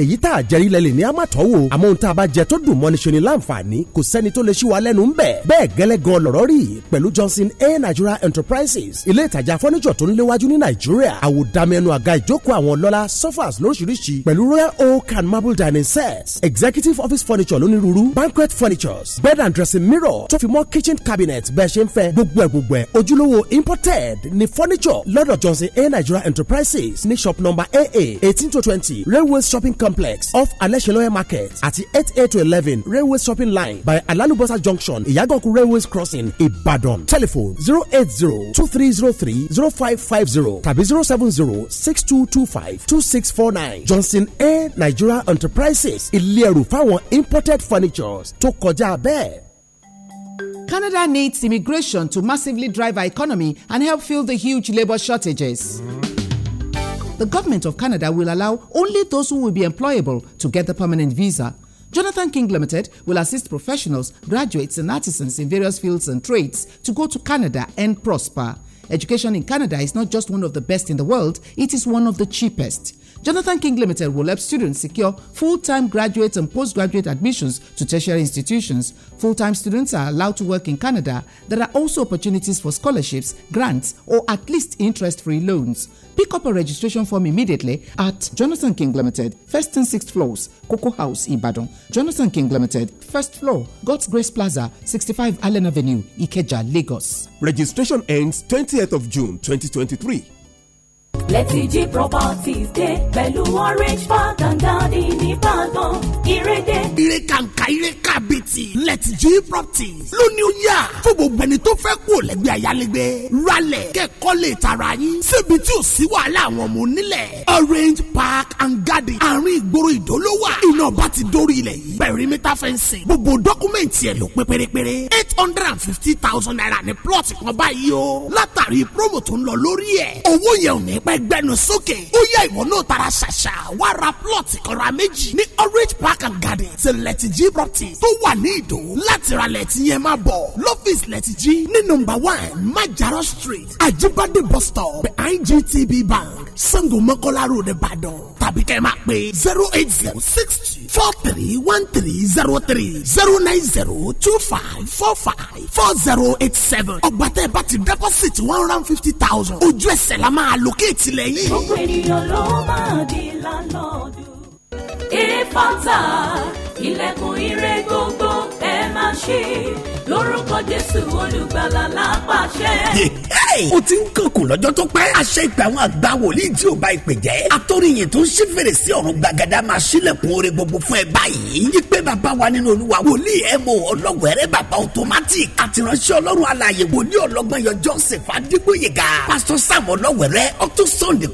èyí tá a jẹrí lẹ́lẹ̀ ní amátọ́ wò àmọ́ ohun tá a bá jẹ tó dùn mọ́ni ṣe ni láǹfààní kò sẹ́ni tó lè ṣí lẹ́nu ń bẹ̀. bẹ́ẹ̀ gẹ́lẹ́ gan lọ̀rọ̀ rí pẹ̀lú Johnson A Nigeria Enterprises ilé ìtajà fọ́nísọ̀ tó ń léwájú ní Nàìjíríà àwòdàmẹ́nu àga ìjókòó àwọn lọ́lá sofas lóríṣiríṣi pẹ̀lú Royal Oak and Marble Dining Sets Executive Office Furniture lónírúurú Banquet Furnitures Bed and Dressing Mirror tó fi mọ́ Kitchen Cabinet bẹ́ẹ̀ ṣe ń fẹ́ gbogbo ẹ̀ ẹ̀ ojúlówó imported ni furniture lọ́dọ̀ Johnson A Nigeria Enterprises ní shop number AA eighteen to twenty Railway Shopping complex complex off Aleshiloye market àti eight eight to eleven railway shopping line by Alalubosa junction Ìyágànkù railways crossing Ibadan. telephone zero eight zero two three zero three zero five five zero tàbí zero seven zero six two two five two six four nine Johnson A Nigeria Enterprises ilé ẹrù fáwọn imported furnitures tó kọjá bẹ́ẹ̀. Canada needs immigration to massively drive our economy and help fill the huge labor shortages. the government of Canada will allow only those who will be employable to get the permanent visa. Jonathan King Limited will assist professionals, graduates, and artisans in various fields and trades to go to Canada and prosper. Education in Canada is not just one of the best in the world, it is one of the cheapest. Jonathan King Limited will help students secure full time graduate and postgraduate admissions to tertiary institutions, Full time students are allowed to work in Canada. There are also opportunities for scholarships, grants, or at least interest free loans. Pick up a registration form immediately at Jonathan King Limited, first and sixth floors, Coco House, Ibadan. Jonathan King Limited, first floor, God's Grace Plaza, 65 Allen Avenue, Ikeja, Lagos. Registration ends 20th of June 2023 lẹ́tìjí properties dé pẹ̀lú orange park and garden nìbàdàn ìrèdè. ire kàǹkà ire kàbìtì lẹ́tìjí properties lónìí ó yà fún gbogbo ẹni tó fẹ́ kú lẹ́gbẹ́ ayálégbé ralẹ̀ kẹ́kọ́ lè tara yín síbi tí ò sí wàhálà àwọn ọmọ onílẹ̀ orange park and garden àárín ìgboro ìdólówà iná bá ti dórí ilẹ̀ yìí pẹ̀rímítà fẹ́ǹsì gbogbo dọ́kúmẹ̀ntì ẹ̀ ló pé pérépéré eight hundred and fifty thousand naira ní plot kan báyìí o látàrí promo tó ń lọ lórí ẹ̀ owó yẹn ò ní pẹ́ pẹpẹ gbẹnu sókè ó yẹ ìwọ náà tara ṣàṣà wá ra plot kọra méjì ní orange park and garden ti lẹ́tìjí property tó wà ní ìdó láti ra lẹ́tì yẹn máa bọ̀ lọ́fíìsì lẹ́tìjí ní nọ́mbà one majaro street ajibade bus stop IGTB bank sango mọ́kọ́lá road ìbàdàn tàbí kẹ́ máa pè zero eight zero six two four three one three zero three zero nine zero two five four five four zero eight seven ọgbà tẹ́ bá ti deposit one hundred and fifty thousand ojú ẹsẹ̀ la máa allocate tilẹ̀ yìí. gbogbo ènìyàn ló máa di láńlọ́ọ̀dù. ìfọ̀tà ilẹ̀kùn ire gbogbo ẹ máa ṣí lórúkọ jésù olùgbàlà lápàṣẹ. o ti ń kankun lọ́jọ́ tó pẹ́. aṣẹ ìpè àwọn àgbà wòlíì tí o bá ìpè jẹ́. atóríyìn tó ń ṣí fèrèsé ọ̀run gbàgàdà máa ṣílẹ̀kùn oore gbogbo fún ẹ báyìí. ìpè bàbá wa nínú olúwa wòlíì mo ọlọ́wẹ̀rẹ̀ bàbá automatic. àtìránṣẹ́ ọlọ́run alààyè wòlíì ọlọ́gbọ́n yọ joseph adégbòyega. pásítọ̀ sam ọlọ́wẹ̀rẹ̀ ọtún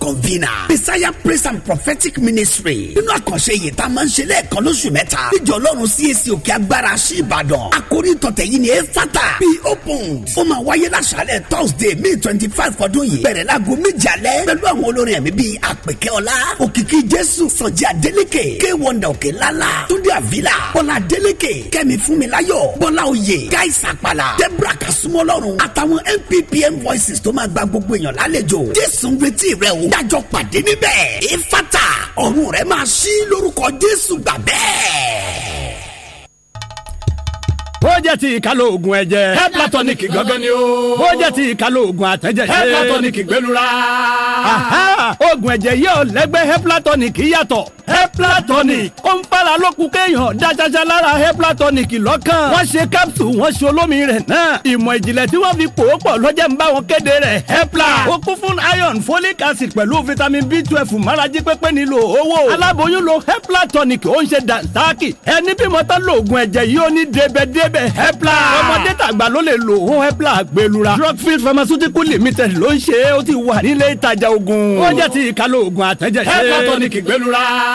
convener. messiah praise and prophetic ministry. nínú àkànṣe yìí tá a máa ń ṣe lẹ́ẹ̀kan lóṣù mẹ́ta. níjọ ọlọ́run csc E fata bí open ó máa wáyé láṣálẹ̀ thursday may twenty five ọdún yìí bẹ̀rẹ̀ láago méjì alẹ́ pẹ̀lú àwọn olórin ẹ̀mí bíi àpèkẹ́ ọlá òkìkí jésù sànjí adélèké ké wọ́ndà òkè lálá túndé àvílà bọ́lá adélèké kẹ́mi fúnmiláyọ̀ bọ́lá oyè gáìsà pàlà debra kasumọlọ́run àtàwọn nppm voices tó máa gba gbogbo èèyàn lálejò jésù ń retí rẹ o dájọ́ pàdé níbẹ̀ ìfata ọ̀run rẹ máa ṣí lórúkọ jésù gbà bẹ́ẹ̀ ó jẹ́ ti ìkálóògùn ẹ̀jẹ̀. head platonic gangan ni o. ó jẹ́ ti ìkálóògùn àtẹ̀jẹ̀ ṣe. head gbẹlura. oògùn ẹ̀jẹ̀ yóò lẹ́gbẹ́ head yàtọ̀ heplatonic ó ń fara lókun kéèyàn dájájá lára heplatonic lọ́kàn wọ́n ṣe capsule wọ́n ṣe olómi rẹ̀ náà ìmọ̀ ìjìnlẹ̀ tí wọ́n fi pò pọ̀ lọ́jẹ́ ń bá wọn kéde rẹ̀ hepla ó kún fún iron folic acid pẹ̀lú vitamin b twelve márajì pépé nílò owó aláboyún lo heplatonic ó ń ṣe dànsáàkì ẹni bímọ tán lóògùn ẹ̀jẹ̀ yìí ó ní débẹ̀débẹ̀ hepla ọmọdé tàgbà ló lè lò ó hepla gbẹlura drugfield pharmaceutical limited ló ń ṣe é ó ti wà nílé ìtajà oògùn ó jẹ́ ti ìkàlò oògùn àtẹ̀jẹ̀ṣe heplatonic gbẹlura.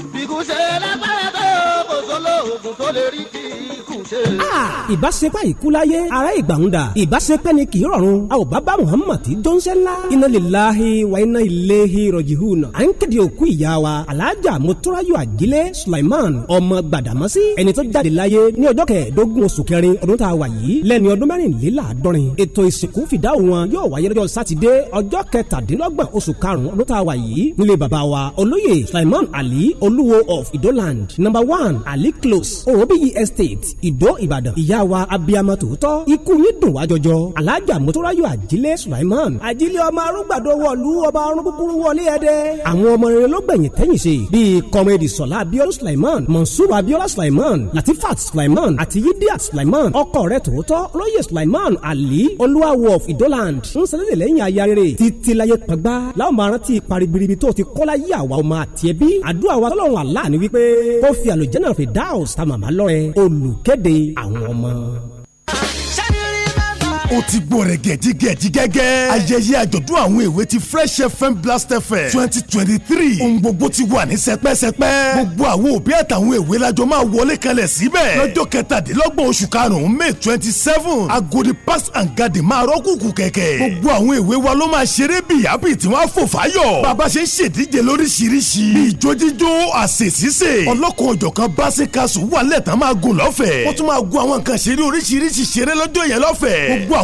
ìkùṣe lágbára tó kò sólóògùn tó lè rí ti ìbáṣepẹ́ àìkú láyé ará ìgbàunda ìbáṣepẹ́ ni kì í rọrùn a ò bá bá muhammad jọ́nṣẹ́ ńlá iná lillahi wa iná iléhi rọjihun à ń kéde òkú ìyá wa alhaja muturayo àjílẹ̀ sulaiman ọmọ gbàdámọ́sí ẹni tó jáde láyé ní ọjọ́ kẹẹ̀ẹ́dógún oṣù kẹrin ọdún tá a wà yìí lẹ́ni ọdún mẹ́rìnléláàádọ́rin ètò ìsìnkú fìdá wọn yóò wáyé lọ́jọ́ sátidé ọjọ́ kẹtàdínlọ́gbọ̀n oṣù karùn-ún ọdún tá a wà yìí ali olúwo of idoland number one ali close orobiyi estate ìdó ìbàdàn ìyá wa abiyamọ tòótọ́ ikú yín dùn wá jọjọ alájà mọ́tòráyọ̀ àjílẹ̀ sulaiman àjílẹ̀ ọmọ arúgbàdo wọ̀lú ọba ọrùn kúkúrú wọlé ẹ̀dẹ́. àwọn ọmọ rere ló gbẹ̀yìn tẹ́yìn ṣe bíi kọ́mẹ́dì sọ̀lá abiola sulaiman mọ̀nsúrù abiola sulaiman latifat sulaiman àti yidiat sulaiman ọkọ rẹ̀ tòótọ́ olóyè sulaiman ali olúwàwọ̀ of idoland ń sẹ́lẹ̀ lẹ́yìn ayarere títí láyé pàgbá láwọn máa rántí paribiribi ti kọ́lá yí àwa ọmọ àti ẹbí tọ́lọ́run àlá ni wípé kó fi àlùjẹ́nà Firdaus ta màmá lọ́rẹ olùkéde àwọn ọmọ ó ti gbọ̀rẹ̀ gẹ̀jígẹ̀jí gẹ́gẹ́. ayẹyẹ àjọ̀dún àwọn èwe ti fresh fm blast fm twenty twenty three ohun gbogbo ti wà ní sẹpẹ́sẹpẹ́. gbogbo àwọn òbí àtàwọn èwe lájọ máa wọlé kalẹ̀ síbẹ̀. lọ́jọ́ kẹtàdínlọ́gbọ̀n oṣù karùn-ún may twenty seven agodi pass and garden máa rọ́kùnkùn kẹ̀kẹ́. gbogbo àwọn èwe wa ló máa ṣeré bí yàbí tí wọ́n á fò fáyọ̀. bàbá ṣe ń ṣèdíje lóríṣiríṣi. bí ijó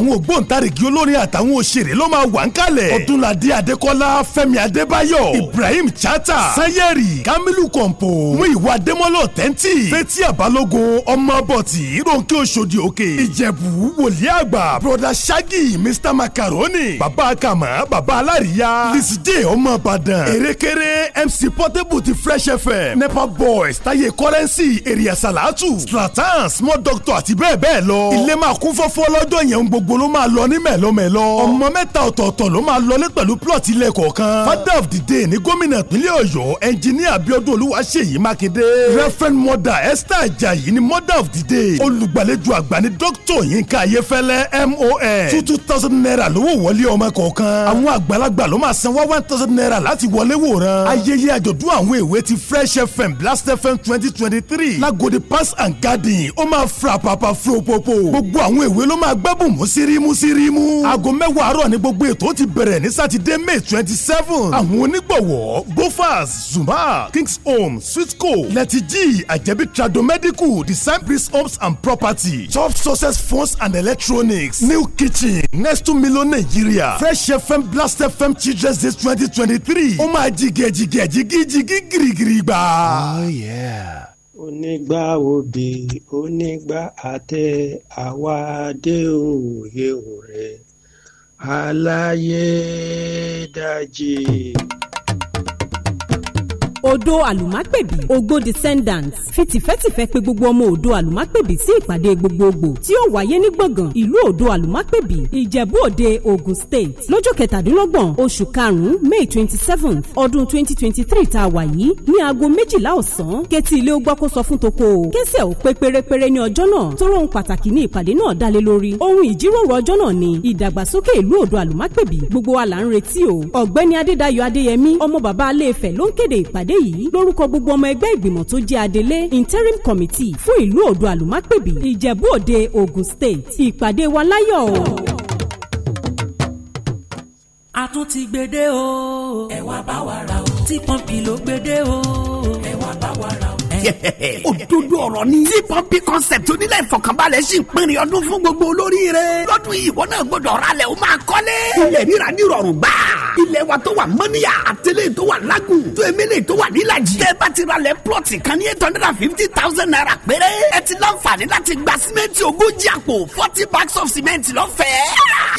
àwọn ògbóǹtarìgì olórin àtàwọn òṣèré ló máa wà ń kalẹ̀ ọdúnladé adékọ́lá fẹ́mi adébáyọ̀ ibrahim chata sanyẹ̀rì kamilu kọ̀ǹpò muyiwa adémọ́lá tẹ́ǹtì fẹ́tí àbálógun ọmọ bọ̀tì ronke oṣòdì òkè ìjẹ̀bù wòlíì àgbà broda shaggy mr macaroni baba kama baba alárìíyá liside ọmọ ìbàdàn erékeré mc portable ti fresh fm nepa boys taye currency èrìyà salatu stratans small doctor àti bẹ́ẹ̀ bẹ́ẹ̀ lọ ilé máa kún fọ́fọ́ lọ́jọ́ yẹn ń gbó gbogbo ló máa lọ ní mẹ́lọ́mẹ́lọ́ ọmọ mẹ́ta ọ̀tọ̀ọ̀tọ̀ ló máa lọlé pẹ̀lú plot ilẹ̀ kọ̀ọ̀kan father of the day ní gómìnà ìpínlẹ̀ ọ̀yọ́ ẹnjiníà abiodun olúwaṣeyí mákindé reverend mother esther ajayi ni mother of the day olùgbàlejò àgbà ni doctor yinka ayefẹ́lẹ́ mon two two thousand naira lówó wọlé ọmọ kọ̀ọ̀kan àwọn àgbàlagbà ló máa san wá one thousand naira láti wọlé wòran ayẹyẹ àjọ̀dún àwọn èwe ti fresh fm blast fm twenty twenty three lagodi pass and garden ó máa fra pàpà fúropopo gbogbo àwọn èwe ló máa gbẹ́bùn mọ́ Sirimu Sirimu, aago mẹ́wàá àárọ̀ ni gbogbo ètò ti bẹ̀rẹ̀ ní sátidé may twenty seven. àwọn onígbọ̀wọ́ gofas zuma kings home switco letiji ajẹbi medical design priest homes and property top success phones and electronics new kitchen next to million nigeria fresh fm blast fm children's day twenty twenty three ó máa jìgẹ̀jìgẹ̀ jìgíjìgí gírígírí gbà. oh yeah onígbà òbí onígbà àtẹ àwa dé òye òré aláyé dájì odò àlùmápèbí ògo descendants fi tìfẹ́tìfẹ́ pè gbogbo ọmọ odò àlùmápèbí sí ìpàdé gbogbogbò tí ó wáyé ní gbọ̀ngàn ìlú odò àlùmápèbí ìjẹ̀bú òde Ògùn state lọ́jọ́ kẹtàdínlọ́gbọ̀n oṣù karùn-ún may twenty seven ọdún twenty twenty three tá a wà yìí ní aago méjìlá ọ̀sán kẹ́tì ilé ó gbọ́ kó sọ fún toko o kẹ́sẹ̀ ò pé pérépéré ní ọjọ́ náà tó rohun pàtàkì ní ìpàdé náà dálé lórí ohun ìjíròrò ọjọ́ náà ni ìdàgbàsókè ìlú odò àlùmápèbí gbogbo wa là ń retí o ọ̀gbẹ́ni Adédayọ̀ Adéyẹmí ọmọ bàbá Alẹ́fẹ̀ ló ń kéde ìpàdé ìpàdé yìí lórúkọ gbogbo ọmọ ẹgbẹ́ ìgbìmọ̀ tó jẹ́ adelé interim committee fún ìlú Oòduà àlùmápèbí Ìjẹ̀bú Òde Ògùn State ìpàdé wa láyọ̀ a tún ti gbede o. ẹ wá bá wa ra o. tí pọ́ǹpì ló gbede o. ẹ wá bá wa ra o òdodo ọ̀rọ̀ ni. tí pọ́ńpì concept onílẹ̀ ìfọkànbalẹ̀ sì ń pinrin ọdún fún gbogbo olórí rẹ̀. lọ́dún yìí ìwọ náà gbọ́dọ̀ ralẹ̀ o máa kọ́lé. ilẹ̀ ríra ní ìrọ̀rùn gbà. ilẹ̀ wa tó wà mọ́níyà àtẹlẹ́ tó wà lágùn tó emele tó wà nílàjì. tẹ́ bá ti ralẹ̀ plọ̀tì kan ní eight hundred and fifty thousand naira péré. ẹ ti láǹfààní láti gba símẹ́ǹtì ogójì àpò forty bags of cement lọ́fẹ̀ẹ́.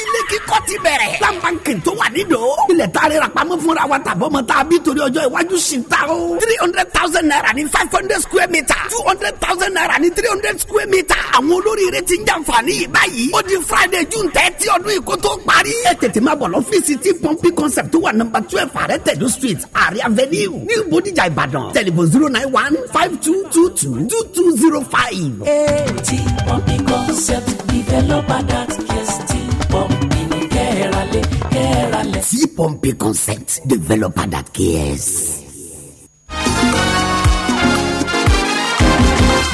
ilé kíkọ́ ti bẹ̀rẹ̀. láǹbàǹkì tó wà nídò. ilẹ̀ tá a rẹ̀ rà pamọ́ fúnra wa tàbọ̀ mọ́ tá a bí torí ọjọ́ iwájú sí ta o. three hundred thousand naira ní five hundred hundred square meter two hundred thousand naira ní three hundred square meter. àwọn olóríire ti ń jàǹfààní yìí báyìí. ó di friday june thirty ọdún yìí kó tó parí. ẹ tètè máa bọ̀ lọ́fíìsì tí pọ́ńpì concept tó wà nọ́mbà twelve àrẹ tẹ̀lú street àrẹ avenue ní bodijà ìbàdàn tẹlifon zero nine one five two two two two two zero five. ti pọ́ńpì concept developer that cares ti pọ́ńpì ní kẹ́ẹ̀rẹ́lẹ̀ kẹ́ẹ̀rẹ́lẹ̀. ti pọ́ńpì concept developer that cares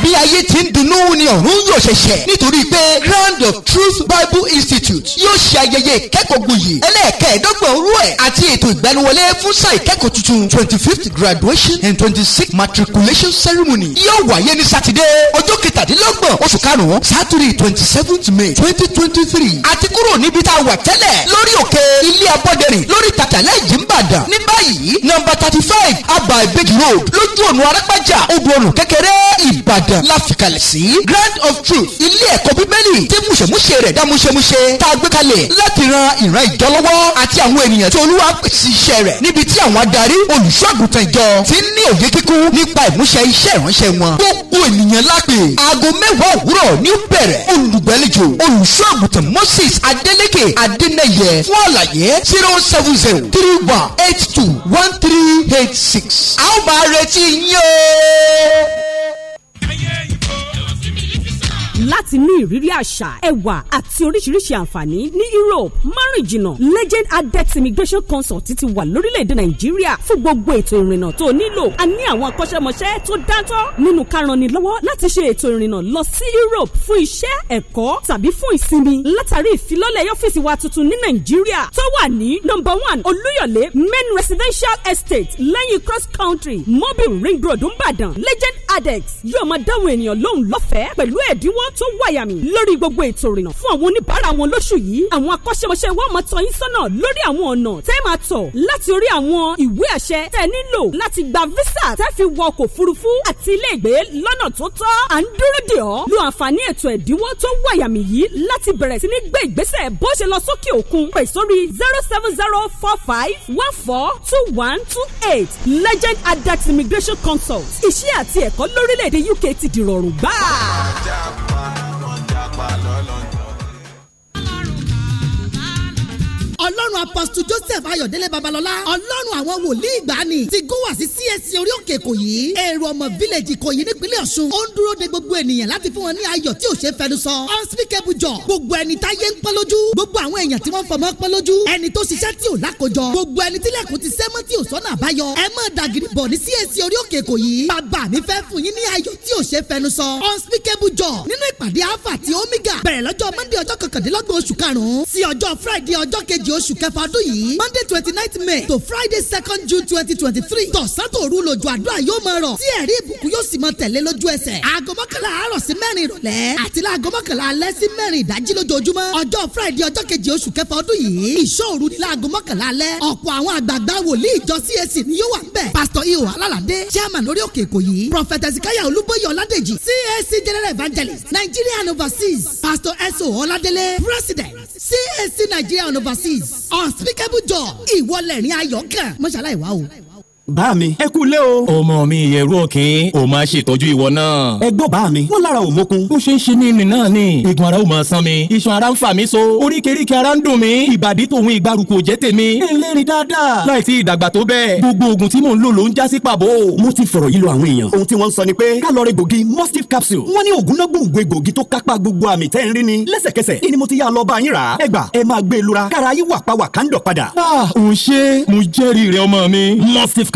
bí ayé ti ń dunnú ni ọ̀run yóò ṣẹ̀ṣẹ̀ nítorí pé Grand of Truth Bible Institute yóò ṣe ayẹyẹ ìkẹ́kọ̀ọ́ gboyè ẹlẹ́ẹ̀kẹ́ẹ̀dọ́gbọ̀n orú ẹ̀ àti ètò ìgbaniwọlé fún sáà ìkẹ́kọ̀ọ́ tuntun twenty fifth graduation and twenty sixth matriculation ceremony yóò wáyé ní sátidé ọjọ́ kẹtàdínlọ́gbọ̀n oṣù karùn-ún sátúrì twenty seventh May twenty twenty three àti kúrò níbi tá a wà tẹ́lẹ̀ lórí òkè ilé abọ́dẹ̀rìn lórí tàtàlẹ́ ìjìnbàdàn ní báyìí nọ́mbà thirty five abba ìbejì road lójú ọ̀nà arápájà odò ọ̀nà kékeré ìbàdàn kan la sí grand of truth ilé ẹ̀kọ́ bíbélì tí múṣemúṣe rẹ̀ dá múṣemúṣe tá a gbé kalẹ̀ láti ran ìran ìjọ lọ́wọ́ àti àwọn ènìyàn tí olúwa pèsè iṣẹ́ rẹ̀ níbi tí àwọn adarí olùṣọ́àgùntàn ìjọ ti ní òye kíkún nípa ìmúṣẹ iṣẹ́ ìránṣẹ́ wọn gbogbo ènìyàn lápè aago mẹ́wàá òwúrọ̀ ní bẹ̀rẹ̀ olùgbàlejò olùṣọ́àgùntàn Moses Adeleke Adeneye fún àlàyé zero seven zero three one eight two one three eight six. a ó máa retí yín o láti ní ìrírí àṣà ẹwà àti oríṣiríṣi àǹfààní ní Europe márùn jìnnà Legend Adex Immigration Consult ti wà lórílẹ̀‐èdè Nàìjíríà fún gbogbo ètò ìrìnnà tó nílò a ní àwọn akọ́ṣẹ́mọṣẹ́ tó dáńtọ́ nínú kárànni lọ́wọ́ láti ṣe ètò ìrìnnà lọ sí Europe fún iṣẹ́ ẹ̀kọ́ tàbí fún ìsinmi látàrí ìfilọ́lẹ̀ ọ́fíìsì wa tuntun ní Nàìjíríà tó wà ní nọ́mbà one Olúyọ̀lé main residential estate lẹ́yìn cross country mobile ring road Ìbàdàn Legend Adex yóò máa dáhùn ènìyàn lóhùn lọ́fẹ̀ẹ́ pẹ̀lú ẹ̀dínwó wọ́n tó wáyà mi lórí gbogbo ètò ìrìnà fún àwọn oníbàárà wọn lóṣù yìí àwọn akọ́ṣẹ́mọṣẹ́ wa máa tọ́ yín sọ́nà lórí àwọn ọ̀nà tẹ́ máa tọ̀ láti orí àwọn ìwé àṣẹ tẹ́ nílò láti gba visa tẹ́ fi wọ ọkọ̀ òfurufú àti ilé ìgbé lọ́nà tó tọ́ à ń dúró dè ọ́ lo àǹfààní ètò ẹ̀dínwó tó wáyàmì yìí láti bẹ̀rẹ̀ sí ní gbé ìgbésẹ̀ bó ṣe lọ sókè òkun pè sórí zero seven zero four five one four two one two eight legend adat immigration consult iṣẹ́ àti ẹ̀kọ́ lórílẹ̀‐èdè UK ti dìrọ̀rùn gbáà. jackpot, jackpot, lọ́lọ́n ọlọ́run apọ́sítù joseph ayọ̀délé babalọ́lá ọlọ́run àwọn wòlíì ìgbàanì ti gún wá sí csc e orí òkè ìkòyí èrò ọmọ village ìkòyí nípínlẹ̀ ọ̀ṣun ó ń dúró de gbogbo ènìyàn láti fún wọn ní ayọ̀ tí ò ṣe fẹnu sọ unspeakable joy gbogbo ẹni táyé ń pọ́n lójú gbogbo àwọn èèyàn tí wọ́n fọmọ́ pọ́n lójú ẹni tó ṣiṣẹ́ tí ò lákojọ gbogbo ẹni tílẹ̀kùn ti sẹ́mọ́ tí ò sọ́nà àbáyọ ẹ mọ̀ dàgìrì bọ̀ ní csc e orí òkè ìkòyí bàbá mi fẹ́ fún yín ní ayọ̀ tí ò ṣe fẹnu sọ unspeakable joy nínú ìpàdé alpha àti omega bẹ̀rẹ̀ lọ́jọ́ monday ọjọ́ kọkàndínlọ́gbọ̀n oṣù karùn-ún sí ọjọ́ friday ọjọ́ kej kejì oṣù kẹfà ọdún yìí monday twenty nine may to friday second june twenty twenty three tọ̀sán-tòru lójú àdúrà yóò máa rọ̀ tí ẹ̀rí ìbùkún yóò sì máa tẹ̀lé lójú ẹsẹ̀ aago mọ́kànlá àárọ̀ sí mẹ́rin ìrọ̀lẹ́ àti láago mọ́kànlá alẹ́ sí mẹ́rin ìdájí lójoojúmọ́ ọjọ́ friday ọjọ́ kejì oṣù kẹfà ọdún yìí ìṣòro ní láago mọ́kànlá alẹ́ ọ̀pọ̀ àwọn àgbààgbà wòlíì ìjọ CAC ni yóò wà ńbẹ̀ pastor iho alálàdé chairman lórí òkè èkó yìí prophet ezekiah olúbóyè ọládèjì CAC general evangelist nigeria and overseas pastor eso ọládélé president CAC Nigeria and overseas unspeakable joy ìwọlẹ̀rìn ayọ̀ kan mọ́ṣáláì wá o bá mi. ẹ kú lé o. ọmọ mi ìyẹ̀rú ọ̀kín ò máa ṣètọ́jú ìwọ náà. ẹ gbọ́ bá mi. wọ́n lára ò ó ṣe ń ṣe ní ìrìn náà ni. igun ara ò máa san mi. iṣan ara ń fà mí so. oríkèéríkè ara ń dùn mí. ìbàdí tòun ìgbàrúkọ jẹ́ tèmi. ẹlẹ́rìí dáadáa. láìsí ìdàgbà tó bẹ́ẹ̀. gbogbo oògùn tí mò ń lò ló ń já sí pàbó. mo ti fọ̀rọ̀ yìí lọ àwọn èèyàn. ohun tí wọ́n sọ ni pé kálọ̀rì gbòógì mustif capsule. wọ́n ní oògùn náà gbòǹgbò egbòogi tó kápá gbogbo àmì tẹ́ ń rí ni. lẹ́sẹ̀kẹsẹ̀ ni mo ti yá lọ bá yín rà. ẹ gbà ẹ máa gbé e lura. kára yín wà pa wà kándọ̀ padà. ah òun ṣe mo jẹ́rìí rẹ ọmọ mi. mustif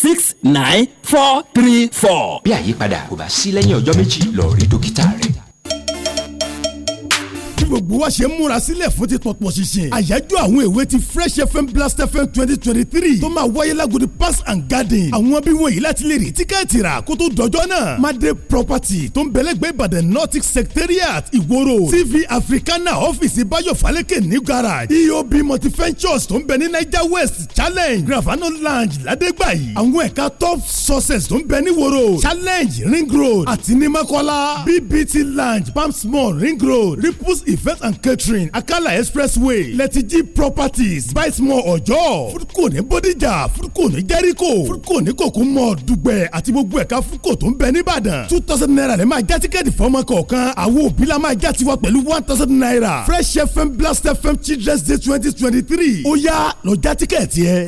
six nine four three four. bí àyípadà kò bá sí lẹ́yìn ọjọ́ méjì lọ rí dókítà rẹ gbogbo wa ṣe múra sílẹ̀ fún ti tọ̀pọ̀ ṣinṣin àyájọ́ àwọn èwe ti fresh fm Blaster fm twenty twenty three tó máa wáyé lágodi parks and garden àwọn bí wọ̀nyí láti lè rí tíkẹ́ẹ̀tì rà kó tó dọjọ́ náà madre property tó ń bẹ̀lẹ́gbẹ́ ìbàdàn nordic secretariat ìwòrò tv africana ọ́fíìsì báyọ̀ falẹ́kẹ̀ ní garage eob multiventures tó ń bẹ ní niger west challenge gravano lounge ládégbàyí àwọn ẹ̀ka top sources tó ń bẹ ní wòrò challenge ring road àti ní mọ́kọ́lá bbt lounge Palm Small ring road ripples event and catering akala expressway letiji properties bismore ọjọ́ fúdùkù ní bódìjà fúdùkù ní jẹ́ríkò fúdùkù ní kòkó mọ́ dùgbẹ̀ àti gbogbo ẹ̀ka fúdùkù tó ń bẹ nìbàdàn two thousand naira lè máa já tíkẹ́ẹ̀tì fọmọ kọ̀ọ̀kan àwọn òbí la máa já tiwa pẹ̀lú one thousand naira fresh fm blast fm children's day twenty twenty three ó yá lọ já tíkẹ́ẹ̀tì yẹ.